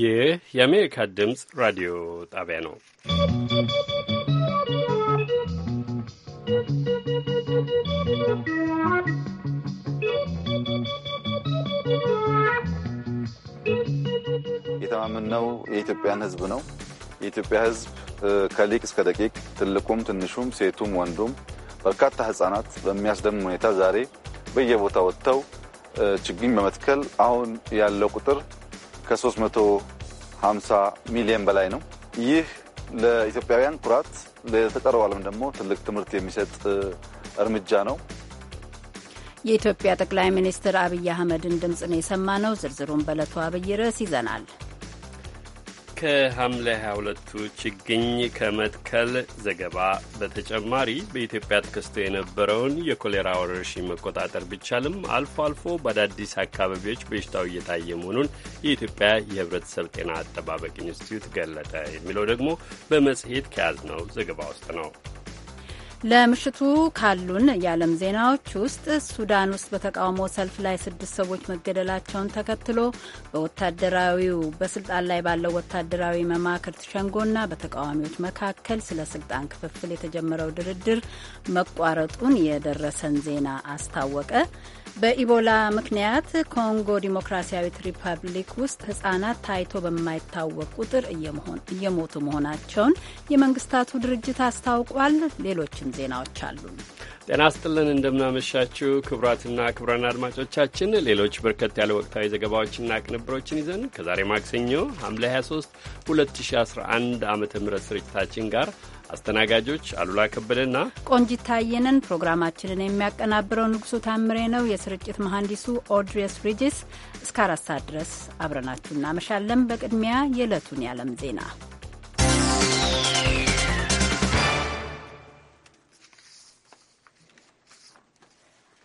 ይህ የአሜሪካ ድምፅ ራዲዮ ጣቢያ ነው። የተማመነው የኢትዮጵያን ሕዝብ ነው። የኢትዮጵያ ሕዝብ ከሊቅ እስከ ደቂቅ ትልቁም ትንሹም ሴቱም ወንዱም በርካታ ሕጻናት በሚያስደምም ሁኔታ ዛሬ በየቦታ ወጥተው ችግኝ በመትከል አሁን ያለው ቁጥር ከ350 ሚሊዮን በላይ ነው። ይህ ለኢትዮጵያውያን ኩራት፣ ለተቀረው ዓለም ደግሞ ትልቅ ትምህርት የሚሰጥ እርምጃ ነው። የኢትዮጵያ ጠቅላይ ሚኒስትር አብይ አህመድን ድምፅ ነው ነው። ዝርዝሩን በዕለቱ አብይ ርዕስ ይዘናል። ከሐምሌ 22ቱ ችግኝ ከመትከል ዘገባ በተጨማሪ በኢትዮጵያ ተከስቶ የነበረውን የኮሌራ ወረርሽኝ መቆጣጠር ቢቻልም አልፎ አልፎ በአዳዲስ አካባቢዎች በሽታው እየታየ መሆኑን የኢትዮጵያ የሕብረተሰብ ጤና አጠባበቅ ኢንስቲትዩት ገለጠ የሚለው ደግሞ በመጽሔት ከያዝነው ዘገባ ውስጥ ነው። ለምሽቱ ካሉን የዓለም ዜናዎች ውስጥ ሱዳን ውስጥ በተቃውሞ ሰልፍ ላይ ስድስት ሰዎች መገደላቸውን ተከትሎ በወታደራዊው በስልጣን ላይ ባለው ወታደራዊ መማክርት ሸንጎና በተቃዋሚዎች መካከል ስለ ስልጣን ክፍፍል የተጀመረው ድርድር መቋረጡን የደረሰን ዜና አስታወቀ። በኢቦላ ምክንያት ኮንጎ ዲሞክራሲያዊት ሪፐብሊክ ውስጥ ህጻናት ታይቶ በማይታወቅ ቁጥር እየሞቱ መሆናቸውን የመንግስታቱ ድርጅት አስታውቋል። ሌሎችም ዜናዎች አሉ። ጤና ስጥልን፣ እንደምናመሻችው ክቡራትና ክቡራን አድማጮቻችን ሌሎች በርከት ያለ ወቅታዊ ዘገባዎችና ቅንብሮችን ይዘን ከዛሬ ማክሰኞ ሐምሌ 23 2011 ዓ ም ስርጭታችን ጋር አስተናጋጆች አሉላ ከበደና ቆንጂት ታየንን፣ ፕሮግራማችንን የሚያቀናብረው ንጉሱ ታምሬ ነው። የስርጭት መሐንዲሱ ኦድሪየስ ሪጅስ። እስከ አራት ሰዓት ድረስ አብረናችሁ እናመሻለን። በቅድሚያ የዕለቱን የዓለም ዜና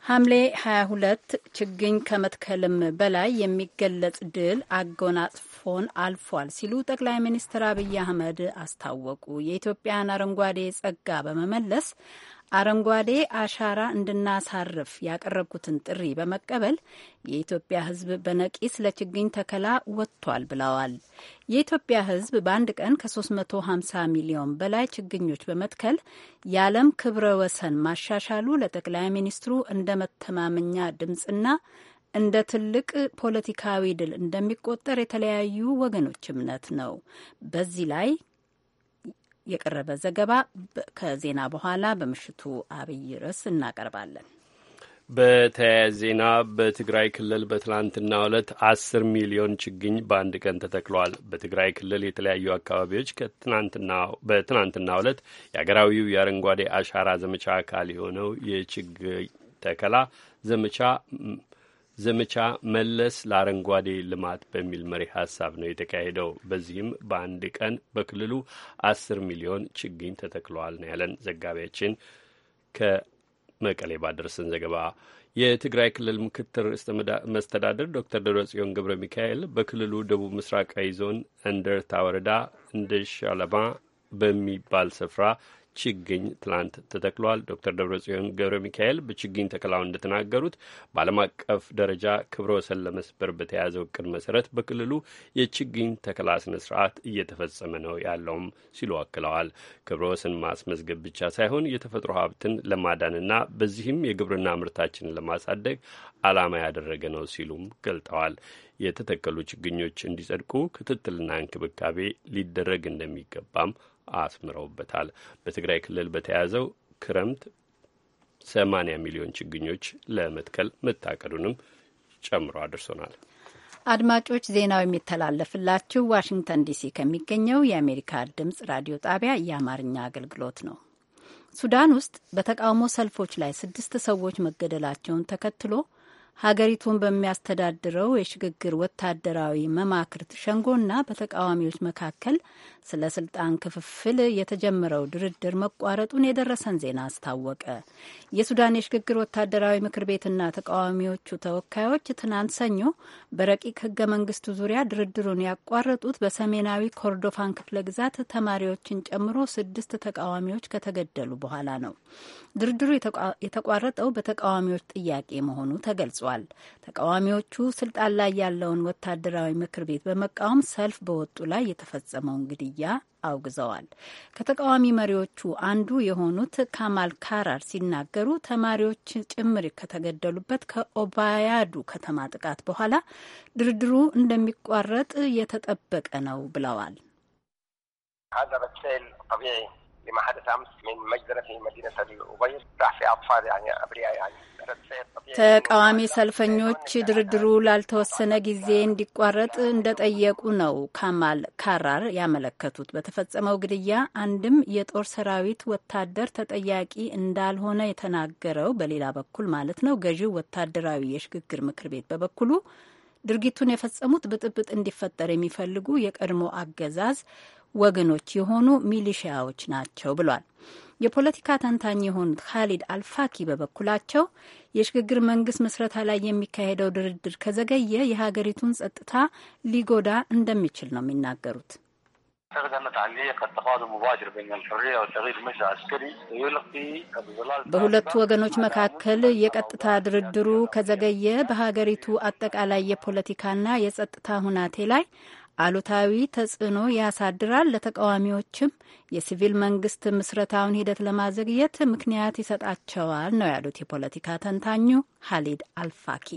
ሐምሌ 22 ችግኝ ከመትከልም በላይ የሚገለጽ ድል አጎናጽፎ ሆን አልፏል ሲሉ ጠቅላይ ሚኒስትር አብይ አህመድ አስታወቁ። የኢትዮጵያን አረንጓዴ ጸጋ በመመለስ አረንጓዴ አሻራ እንድናሳርፍ ያቀረብኩትን ጥሪ በመቀበል የኢትዮጵያ ሕዝብ በነቂስ ለችግኝ ተከላ ወጥቷል ብለዋል። የኢትዮጵያ ሕዝብ በአንድ ቀን ከ350 ሚሊዮን በላይ ችግኞች በመትከል የዓለም ክብረ ወሰን ማሻሻሉ ለጠቅላይ ሚኒስትሩ እንደ መተማመኛ ድምፅና እንደ ትልቅ ፖለቲካዊ ድል እንደሚቆጠር የተለያዩ ወገኖች እምነት ነው። በዚህ ላይ የቀረበ ዘገባ ከዜና በኋላ በምሽቱ አብይ ርዕስ እናቀርባለን። በተያያዘ ዜና በትግራይ ክልል በትላንትና ዕለት አስር ሚሊዮን ችግኝ በአንድ ቀን ተተክሏል። በትግራይ ክልል የተለያዩ አካባቢዎች በትናንትና ዕለት የአገራዊው የአረንጓዴ አሻራ ዘመቻ አካል የሆነው የችግኝ ተከላ ዘመቻ ዘመቻ መለስ ለአረንጓዴ ልማት በሚል መሪ ሀሳብ ነው የተካሄደው። በዚህም በአንድ ቀን በክልሉ አስር ሚሊዮን ችግኝ ተተክለዋል ነው ያለን ዘጋቢያችን ከመቀሌ ባደረሰን ዘገባ። የትግራይ ክልል ምክትል ርዕሰ መስተዳድር ዶክተር ደብረጽዮን ገብረ ሚካኤል በክልሉ ደቡብ ምስራቃዊ ዞን እንደርታ ወረዳ እንደ ሻለማ በሚባል ስፍራ ችግኝ ትላንት ተተክሏል። ዶክተር ደብረጽዮን ገብረ ሚካኤል በችግኝ ተከላው እንደተናገሩት በዓለም አቀፍ ደረጃ ክብረ ወሰን ለመስበር በተያዘ እቅድ መሰረት በክልሉ የችግኝ ተከላ ስነ ስርዓት እየተፈጸመ ነው ያለውም ሲሉ አክለዋል። ክብረ ወሰን ማስመዝገብ ብቻ ሳይሆን የተፈጥሮ ሀብትን ለማዳንና በዚህም የግብርና ምርታችንን ለማሳደግ ዓላማ ያደረገ ነው ሲሉም ገልጠዋል። የተተከሉ ችግኞች እንዲጸድቁ ክትትልና እንክብካቤ ሊደረግ እንደሚገባም አስምረውበታል። በትግራይ ክልል በተያዘው ክረምት ሰማንያ ሚሊዮን ችግኞች ለመትከል መታቀዱንም ጨምሮ አድርሶናል። አድማጮች ዜናው የሚተላለፍላችሁ ዋሽንግተን ዲሲ ከሚገኘው የአሜሪካ ድምጽ ራዲዮ ጣቢያ የአማርኛ አገልግሎት ነው። ሱዳን ውስጥ በተቃውሞ ሰልፎች ላይ ስድስት ሰዎች መገደላቸውን ተከትሎ ሀገሪቱን በሚያስተዳድረው የሽግግር ወታደራዊ መማክርት ሸንጎና በተቃዋሚዎች መካከል ስለ ስልጣን ክፍፍል የተጀመረው ድርድር መቋረጡን የደረሰን ዜና አስታወቀ። የሱዳን የሽግግር ወታደራዊ ምክር ቤትና ተቃዋሚዎቹ ተወካዮች ትናንት ሰኞ በረቂቅ ህገ መንግስቱ ዙሪያ ድርድሩን ያቋረጡት በሰሜናዊ ኮርዶፋን ክፍለ ግዛት ተማሪዎችን ጨምሮ ስድስት ተቃዋሚዎች ከተገደሉ በኋላ ነው። ድርድሩ የተቋረጠው በተቃዋሚዎች ጥያቄ መሆኑ ተገልጿል። ገልጿል። ተቃዋሚዎቹ ስልጣን ላይ ያለውን ወታደራዊ ምክር ቤት በመቃወም ሰልፍ በወጡ ላይ የተፈጸመውን ግድያ አውግዘዋል። ከተቃዋሚ መሪዎቹ አንዱ የሆኑት ካማል ካራር ሲናገሩ ተማሪዎች ጭምር ከተገደሉበት ከኦባያዱ ከተማ ጥቃት በኋላ ድርድሩ እንደሚቋረጥ የተጠበቀ ነው ብለዋል። لما حدث امس من مجزره في مدينه الابيض راح في اطفال يعني ابرياء يعني ተቃዋሚ ሰልፈኞች ድርድሩ ላልተወሰነ ጊዜ እንዲቋረጥ እንደጠየቁ ነው ካማል ካራር ያመለከቱት። በተፈጸመው ግድያ አንድም የጦር ሰራዊት ወታደር ተጠያቂ እንዳልሆነ የተናገረው፣ በሌላ በኩል ማለት ነው ገዢው ወታደራዊ የሽግግር ምክር ቤት በበኩሉ ድርጊቱን የፈጸሙት ብጥብጥ እንዲፈጠር የሚፈልጉ የቀድሞ አገዛዝ ወገኖች የሆኑ ሚሊሺያዎች ናቸው ብሏል። የፖለቲካ ተንታኝ የሆኑት ካሊድ አልፋኪ በበኩላቸው የሽግግር መንግስት ምስረታ ላይ የሚካሄደው ድርድር ከዘገየ የሀገሪቱን ጸጥታ ሊጎዳ እንደሚችል ነው የሚናገሩት። በሁለቱ ወገኖች መካከል የቀጥታ ድርድሩ ከዘገየ በሀገሪቱ አጠቃላይ የፖለቲካና የጸጥታ ሁናቴ ላይ አሉታዊ ተጽዕኖ ያሳድራል፣ ለተቃዋሚዎችም የሲቪል መንግስት ምስረታውን ሂደት ለማዘግየት ምክንያት ይሰጣቸዋል ነው ያሉት የፖለቲካ ተንታኙ ሀሊድ አልፋኪ።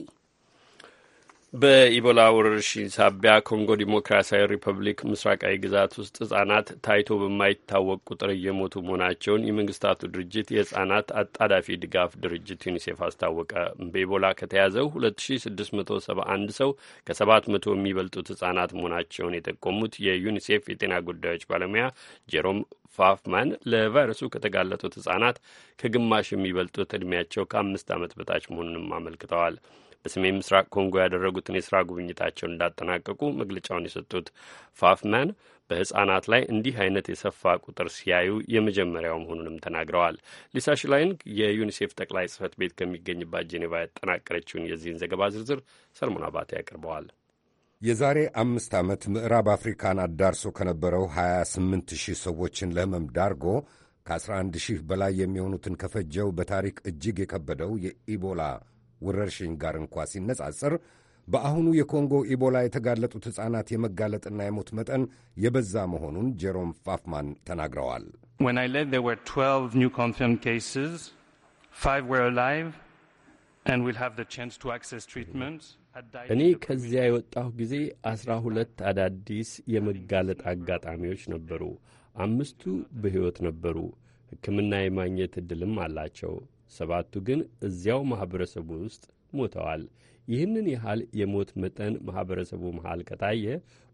በኢቦላ ወረርሽኝ ሳቢያ ኮንጎ ዲሞክራሲያዊ ሪፐብሊክ ምስራቃዊ ግዛት ውስጥ ህጻናት ታይቶ በማይታወቅ ቁጥር እየሞቱ መሆናቸውን የመንግስታቱ ድርጅት የህጻናት አጣዳፊ ድጋፍ ድርጅት ዩኒሴፍ አስታወቀ። በኢቦላ ከተያዘው 2671 ሰው ከ700 የሚበልጡት ህጻናት መሆናቸውን የጠቆሙት የዩኒሴፍ የጤና ጉዳዮች ባለሙያ ጄሮም ፋፍማን ለቫይረሱ ከተጋለጡት ህጻናት ከግማሽ የሚበልጡት ዕድሜያቸው ከአምስት ዓመት በታች መሆኑንም አመልክተዋል። በሰሜን ምስራቅ ኮንጎ ያደረጉትን የስራ ጉብኝታቸውን እንዳጠናቀቁ መግለጫውን የሰጡት ፋፍመን በህጻናት ላይ እንዲህ አይነት የሰፋ ቁጥር ሲያዩ የመጀመሪያው መሆኑንም ተናግረዋል። ሊሳ ሽላይን የዩኒሴፍ ጠቅላይ ጽህፈት ቤት ከሚገኝባት ጄኔቫ ያጠናቀረችውን የዚህን ዘገባ ዝርዝር ሰልሞን አባቴ ያቀርበዋል። የዛሬ አምስት ዓመት ምዕራብ አፍሪካን አዳርሶ ከነበረው 28 ሺህ ሰዎችን ለህመም ዳርጎ ከ11 ሺህ በላይ የሚሆኑትን ከፈጀው በታሪክ እጅግ የከበደው የኢቦላ ወረርሽኝ ጋር እንኳ ሲነጻጸር በአሁኑ የኮንጎ ኢቦላ የተጋለጡት ሕፃናት የመጋለጥና የሞት መጠን የበዛ መሆኑን ጄሮም ፋፍማን ተናግረዋል። እኔ ከዚያ የወጣሁ ጊዜ አስራ ሁለት አዳዲስ የመጋለጥ አጋጣሚዎች ነበሩ። አምስቱ በሕይወት ነበሩ። ሕክምና የማግኘት ዕድልም አላቸው። ሰባቱ ግን እዚያው ማኅበረሰቡ ውስጥ ሞተዋል። ይህንን ያህል የሞት መጠን ማኅበረሰቡ መሃል ከታየ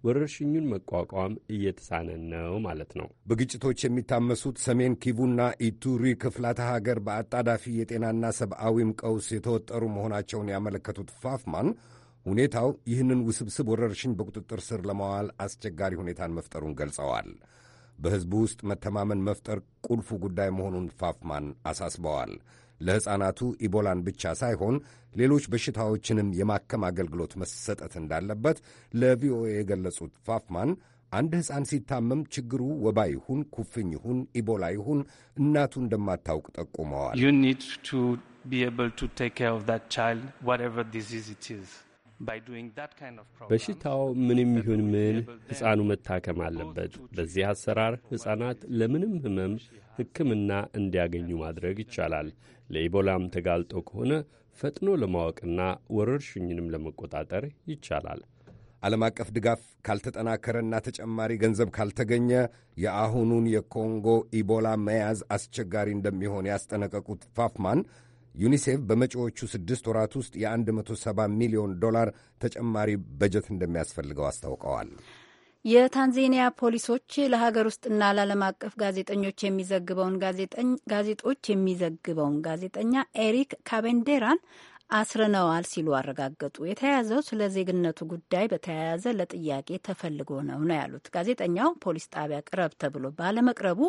ወረርሽኙን መቋቋም እየተሳነን ነው ማለት ነው። በግጭቶች የሚታመሱት ሰሜን ኪቡና ኢቱሪ ክፍላተ ሀገር በአጣዳፊ የጤናና ሰብአዊም ቀውስ የተወጠሩ መሆናቸውን ያመለከቱት ፋፍማን ሁኔታው ይህንን ውስብስብ ወረርሽኝ በቁጥጥር ስር ለማዋል አስቸጋሪ ሁኔታን መፍጠሩን ገልጸዋል። በሕዝቡ ውስጥ መተማመን መፍጠር ቁልፉ ጉዳይ መሆኑን ፋፍማን አሳስበዋል። ለሕፃናቱ ኢቦላን ብቻ ሳይሆን ሌሎች በሽታዎችንም የማከም አገልግሎት መሰጠት እንዳለበት ለቪኦኤ የገለጹት ፋፍማን አንድ ሕፃን ሲታመም ችግሩ ወባ ይሁን ኩፍኝ ይሁን ኢቦላ ይሁን እናቱ እንደማታውቅ ጠቁመዋል። በሽታው ምንም ይሁን ምን ሕፃኑ መታከም አለበት። በዚህ አሰራር ሕፃናት ለምንም ህመም ሕክምና እንዲያገኙ ማድረግ ይቻላል። ለኢቦላም ተጋልጦ ከሆነ ፈጥኖ ለማወቅና ወረርሽኝንም ለመቆጣጠር ይቻላል። ዓለም አቀፍ ድጋፍ ካልተጠናከረና ተጨማሪ ገንዘብ ካልተገኘ የአሁኑን የኮንጎ ኢቦላ መያዝ አስቸጋሪ እንደሚሆን ያስጠነቀቁት ፋፍማን ዩኒሴፍ በመጪዎቹ ስድስት ወራት ውስጥ የ170 ሚሊዮን ዶላር ተጨማሪ በጀት እንደሚያስፈልገው አስታውቀዋል። የታንዜኒያ ፖሊሶች ለሀገር ውስጥና ለዓለም አቀፍ ጋዜጠኞች የሚዘግበውን ጋዜጦች የሚዘግበውን ጋዜጠኛ ኤሪክ ካቤንዴራን አስረነዋል ሲሉ አረጋገጡ። የተያያዘው ስለ ዜግነቱ ጉዳይ በተያያዘ ለጥያቄ ተፈልጎ ነው ነው ያሉት ጋዜጠኛው። ፖሊስ ጣቢያ ቅረብ ተብሎ ባለመቅረቡ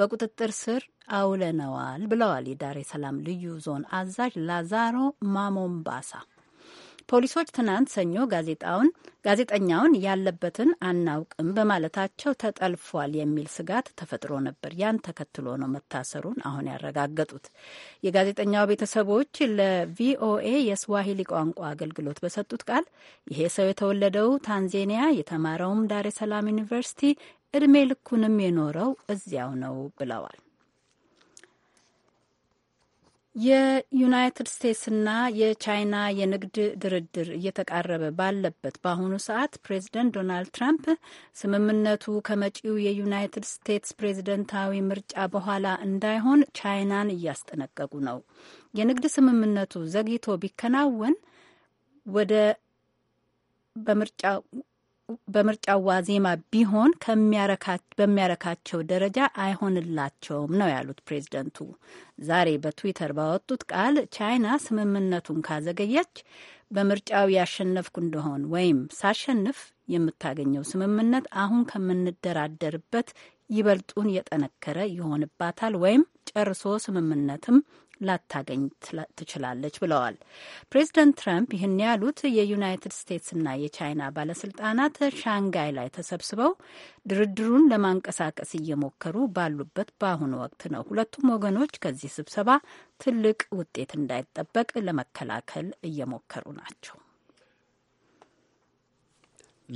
በቁጥጥር ስር አውለነዋል ብለዋል የዳሬ ሰላም ልዩ ዞን አዛዥ ላዛሮ ማሞምባሳ። ፖሊሶች ትናንት ሰኞ ጋዜጣውን ጋዜጠኛውን ያለበትን አናውቅም በማለታቸው ተጠልፏል የሚል ስጋት ተፈጥሮ ነበር። ያን ተከትሎ ነው መታሰሩን አሁን ያረጋገጡት። የጋዜጠኛው ቤተሰቦች ለቪኦኤ የስዋሂሊ ቋንቋ አገልግሎት በሰጡት ቃል ይሄ ሰው የተወለደው ታንዜኒያ፣ የተማረውም ዳሬ ሰላም ዩኒቨርሲቲ፣ እድሜ ልኩንም የኖረው እዚያው ነው ብለዋል። የዩናይትድ ስቴትስና የቻይና የንግድ ድርድር እየተቃረበ ባለበት በአሁኑ ሰዓት ፕሬዚደንት ዶናልድ ትራምፕ ስምምነቱ ከመጪው የዩናይትድ ስቴትስ ፕሬዚደንታዊ ምርጫ በኋላ እንዳይሆን ቻይናን እያስጠነቀቁ ነው። የንግድ ስምምነቱ ዘግይቶ ቢከናወን ወደ በምርጫ በምርጫው ዋዜማ ቢሆን በሚያረካቸው ደረጃ አይሆንላቸውም ነው ያሉት ፕሬዝደንቱ። ዛሬ በትዊተር ባወጡት ቃል ቻይና ስምምነቱን ካዘገየች በምርጫው ያሸነፍኩ እንደሆን ወይም ሳሸንፍ የምታገኘው ስምምነት አሁን ከምንደራደርበት ይበልጡን የጠነከረ ይሆንባታል ወይም ጨርሶ ስምምነትም ላታገኝ ትችላለች ብለዋል። ፕሬዚደንት ትራምፕ ይህን ያሉት የዩናይትድ ስቴትስና የቻይና ባለስልጣናት ሻንጋይ ላይ ተሰብስበው ድርድሩን ለማንቀሳቀስ እየሞከሩ ባሉበት በአሁኑ ወቅት ነው። ሁለቱም ወገኖች ከዚህ ስብሰባ ትልቅ ውጤት እንዳይጠበቅ ለመከላከል እየሞከሩ ናቸው።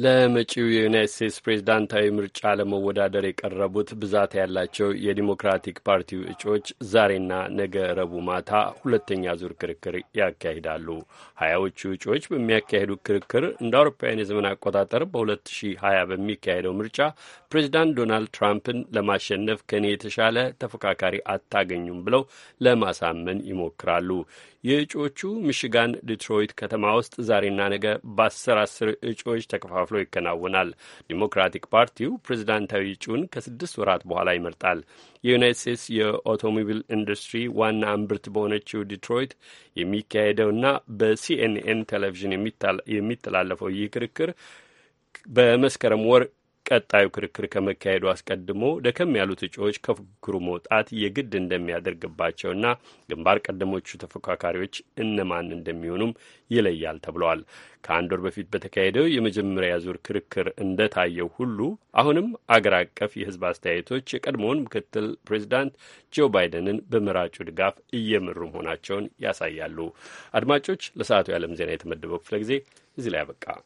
ለመጪው የዩናይት ስቴትስ ፕሬዝዳንታዊ ምርጫ ለመወዳደር የቀረቡት ብዛት ያላቸው የዲሞክራቲክ ፓርቲ እጩዎች ዛሬና ነገ ረቡዕ ማታ ሁለተኛ ዙር ክርክር ያካሂዳሉ። ሀያዎቹ እጩዎች በሚያካሂዱ ክርክር እንደ አውሮፓውያን የዘመን አቆጣጠር በ2020 በሚካሄደው ምርጫ ፕሬዚዳንት ዶናልድ ትራምፕን ለማሸነፍ ከኔ የተሻለ ተፎካካሪ አታገኙም ብለው ለማሳመን ይሞክራሉ። የእጩዎቹ ሚሽጋን ዲትሮይት ከተማ ውስጥ ዛሬና ነገ በአስር አስር እጩዎች ተከፋፍሎ ይከናወናል። ዲሞክራቲክ ፓርቲው ፕሬዚዳንታዊ እጩን ከስድስት ወራት በኋላ ይመርጣል። የዩናይት ስቴትስ የኦቶሞቢል ኢንዱስትሪ ዋና እምብርት በሆነችው ዲትሮይት የሚካሄደውና በሲኤንኤን ቴሌቪዥን የሚተላለፈው ይህ ክርክር በመስከረም ወር ቀጣዩ ክርክር ከመካሄዱ አስቀድሞ ደከም ያሉት እጩዎች ከፉክክሩ መውጣት የግድ እንደሚያደርግባቸውና ግንባር ቀደሞቹ ተፎካካሪዎች እነማን እንደሚሆኑም ይለያል ተብለዋል። ከአንድ ወር በፊት በተካሄደው የመጀመሪያ ዙር ክርክር እንደታየው ሁሉ አሁንም አገር አቀፍ የሕዝብ አስተያየቶች የቀድሞውን ምክትል ፕሬዚዳንት ጆ ባይደንን በመራጩ ድጋፍ እየመሩ መሆናቸውን ያሳያሉ። አድማጮች፣ ለሰዓቱ የዓለም ዜና የተመደበው ክፍለ ጊዜ እዚህ ላይ አበቃ።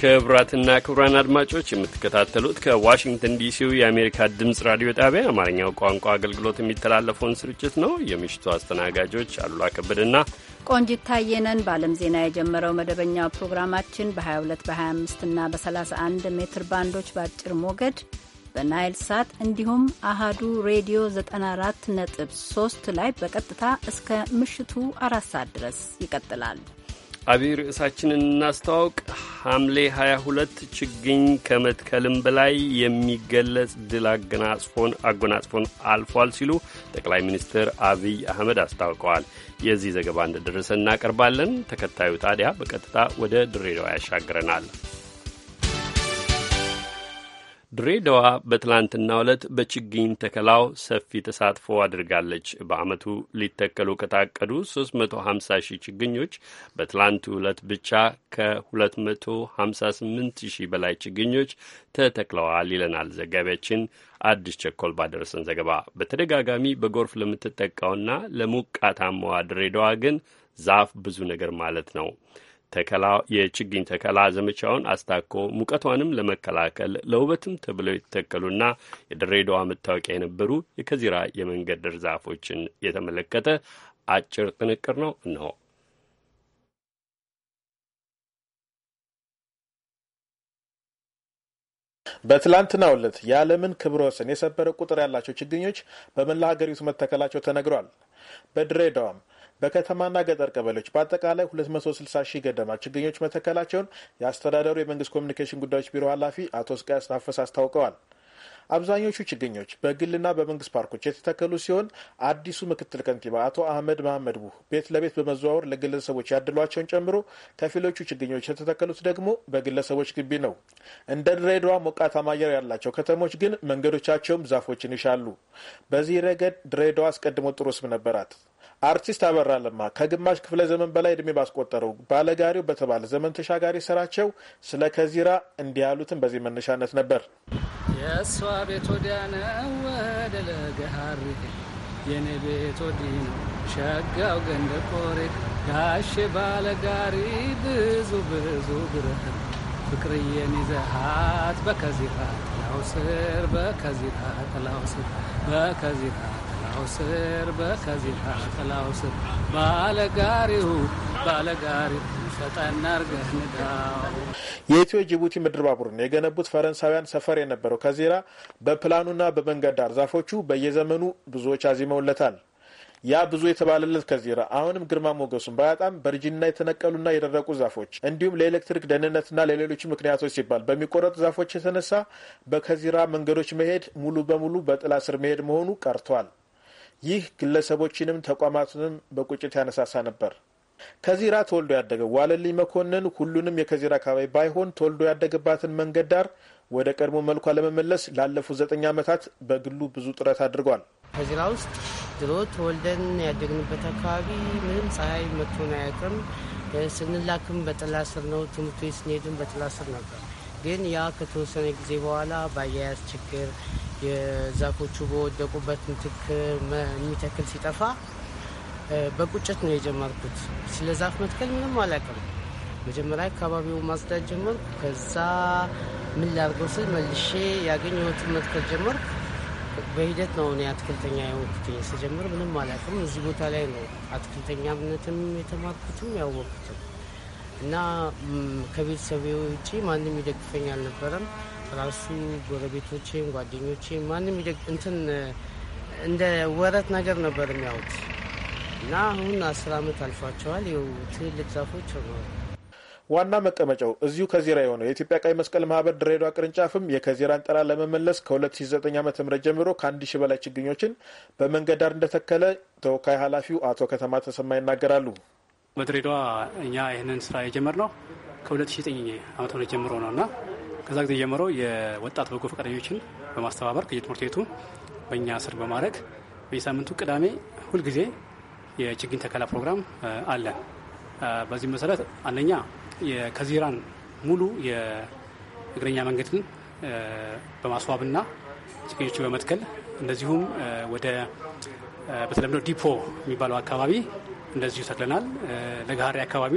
ክቡራትና ክቡራን አድማጮች የምትከታተሉት ከዋሽንግተን ዲሲው የአሜሪካ ድምፅ ራዲዮ ጣቢያ የአማርኛው ቋንቋ አገልግሎት የሚተላለፈውን ስርጭት ነው። የምሽቱ አስተናጋጆች አሉላ ከበድና ቆንጂት ታየነን። በዓለም ዜና የጀመረው መደበኛው ፕሮግራማችን በ22 25 እና በ31 ሜትር ባንዶች በአጭር ሞገድ በናይል ሳት እንዲሁም አሃዱ ሬዲዮ 94 ነጥብ 3 ላይ በቀጥታ እስከ ምሽቱ አራት ሰዓት ድረስ ይቀጥላል። አብይ ርዕሳችንን እናስተዋውቅ። ሐምሌ 22 ችግኝ ከመትከልም በላይ የሚገለጽ ድል አጎናጽፎን አጎናጽፎን አልፏል ሲሉ ጠቅላይ ሚኒስትር አብይ አህመድ አስታውቀዋል። የዚህ ዘገባ እንደደረሰ እናቀርባለን። ተከታዩ ታዲያ በቀጥታ ወደ ድሬዳዋ ያሻግረናል። ድሬዳዋ በትላንትናው ዕለት በችግኝ ተከላው ሰፊ ተሳትፎ አድርጋለች። በአመቱ ሊተከሉ ከታቀዱ 350 ሺህ ችግኞች በትላንቱ ዕለት ብቻ ከ258 ሺህ በላይ ችግኞች ተተክለዋል ይለናል ዘጋቢያችን አዲስ ቸኮል ባደረሰን ዘገባ። በተደጋጋሚ በጎርፍ ለምትጠቃውና ለሞቃታማዋ ድሬዳዋ ግን ዛፍ ብዙ ነገር ማለት ነው። የችግኝ ተከላ ዘመቻውን አስታኮ ሙቀቷንም ለመከላከል ለውበትም ተብለው የተተከሉና የድሬዳዋ መታወቂያ የነበሩ የከዚራ የመንገድ ዳር ዛፎችን የተመለከተ አጭር ጥንቅር ነው እንሆ። በትላንትናው ዕለት የዓለምን ክብረ ወሰን የሰበረ ቁጥር ያላቸው ችግኞች በመላ ሀገሪቱ መተከላቸው ተነግሯል። በድሬዳዋም በከተማና ገጠር ቀበሌዎች በአጠቃላይ 260 ሺህ ገደማ ችግኞች መተከላቸውን የአስተዳደሩ የመንግስት ኮሚኒኬሽን ጉዳዮች ቢሮ ኃላፊ አቶ ስቃይ አስናፈስ አስታውቀዋል። አብዛኞቹ ችግኞች በግልና በመንግስት ፓርኮች የተተከሉ ሲሆን አዲሱ ምክትል ከንቲባ አቶ አህመድ መሐመድ ቡህ ቤት ለቤት በመዘዋወር ለግለሰቦች ያድሏቸውን ጨምሮ ከፊሎቹ ችግኞች የተተከሉት ደግሞ በግለሰቦች ግቢ ነው። እንደ ድሬዳዋ ሞቃታማ አየር ያላቸው ከተሞች ግን መንገዶቻቸውም ዛፎችን ይሻሉ። በዚህ ረገድ ድሬዳዋ አስቀድሞ ጥሩ ስም ነበራት። አርቲስት አበራ ለማ ከግማሽ ክፍለ ዘመን በላይ እድሜ ባስቆጠረው ባለጋሪው በተባለ ዘመን ተሻጋሪ ስራቸው ስለ ከዚራ እንዲህ ያሉትን በዚህ መነሻነት ነበር። የእሷ ቤት ወዲያ ነው ወደ ለገሃር የኔ ቤት ወዲህ ነው ሸጋው ገንደ ቆሬ ጋሼ ባለጋሪ ብዙ ብዙ ብረት ፍቅርዬን ይዘሃት በከዚራ ጥላው ስር በከዚራ ጥላው ስር በከዚራ ስር በከዚልሃ ጥላው ስር ባለጋሪው ባለጋሪው የኢትዮ ጅቡቲ ምድር ባቡርን የገነቡት ፈረንሳውያን ሰፈር የነበረው ከዚራ በፕላኑና በመንገድ ዳር ዛፎቹ በየዘመኑ ብዙዎች አዚመውለታል። ያ ብዙ የተባለለት ከዚራ አሁንም ግርማ ሞገሱን ባያጣም በእርጅና የተነቀሉና የደረቁ ዛፎች እንዲሁም ለኤሌክትሪክ ደህንነትና ለሌሎች ምክንያቶች ሲባል በሚቆረጡ ዛፎች የተነሳ በከዜራ መንገዶች መሄድ ሙሉ በሙሉ በጥላ ስር መሄድ መሆኑ ቀርቷል። ይህ ግለሰቦችንም ተቋማትንም በቁጭት ያነሳሳ ነበር። ከዚራ ተወልዶ ያደገው ዋለልኝ መኮንን ሁሉንም የከዚራ አካባቢ ባይሆን ተወልዶ ያደገባትን መንገድ ዳር ወደ ቀድሞ መልኳ ለመመለስ ላለፉት ዘጠኝ ዓመታት በግሉ ብዙ ጥረት አድርጓል። ከዚራ ውስጥ ድሮ ተወልደን ያደግንበት አካባቢ ምንም ፀሐይ መቶን አያውቅም። ስንላክም በጥላ ስር ነው። ትምህርት ቤት ስንሄድም በጥላ ስር ነበር። ግን ያ ከተወሰነ ጊዜ በኋላ በአያያዝ ችግር የዛፎቹ በወደቁበት ምትክ የሚተክል ሲጠፋ በቁጭት ነው የጀመርኩት። ስለ ዛፍ መትከል ምንም አላውቅም። መጀመሪያ አካባቢው ማጽዳት ጀመርኩ። ከዛ ምን ላርገው ስል መልሼ ያገኘሁትን መትከል ጀመርኩ። በሂደት ነው እኔ አትክልተኛ የሆንኩትኝ። ስጀምር ምንም አላውቅም። እዚህ ቦታ ላይ ነው አትክልተኛነትም የተማርኩትም ያወቅኩትም እና ከቤተሰቤ ውጭ ማንም ይደግፈኝ አልነበረም። ራሱ ጎረቤቶቼም ጓደኞቼ ማንም እንትን እንደ ወረት ነገር ነበር የሚያዩት እና አሁን አስር ዓመት አልፏቸዋል። ይኸው ትልልቅ ዛፎች ሆነዋል። ዋና መቀመጫው እዚሁ ከዜራ የሆነው የኢትዮጵያ ቀይ መስቀል ማህበር ድሬዳዋ ቅርንጫፍም የከዜራን ጠራ ለመመለስ ከ2009 ዓ ም ጀምሮ ከአንድ ሺህ በላይ ችግኞችን በመንገድ ዳር እንደተከለ ተወካይ ኃላፊው አቶ ከተማ ተሰማ ይናገራሉ። በድሬዳዋ እኛ ይህንን ስራ የጀመርነው ከ2009 ዓ ም ጀምሮ ነው እና ከዛ ጊዜ ጀምሮ የወጣት በጎ ፈቃደኞችን በማስተባበር ከየትምህርት ቤቱ በእኛ ስር በማድረግ በየሳምንቱ ቅዳሜ ሁልጊዜ የችግኝ ተከላ ፕሮግራም አለን። በዚህ መሰረት አንደኛ ከዚራን ሙሉ የእግረኛ መንገድን በማስዋብና ችግኞቹ በመትከል እንደዚሁም ወደ በተለምዶ ዲፖ የሚባለው አካባቢ እንደዚሁ ተክለናል። ለገሀሪ አካባቢ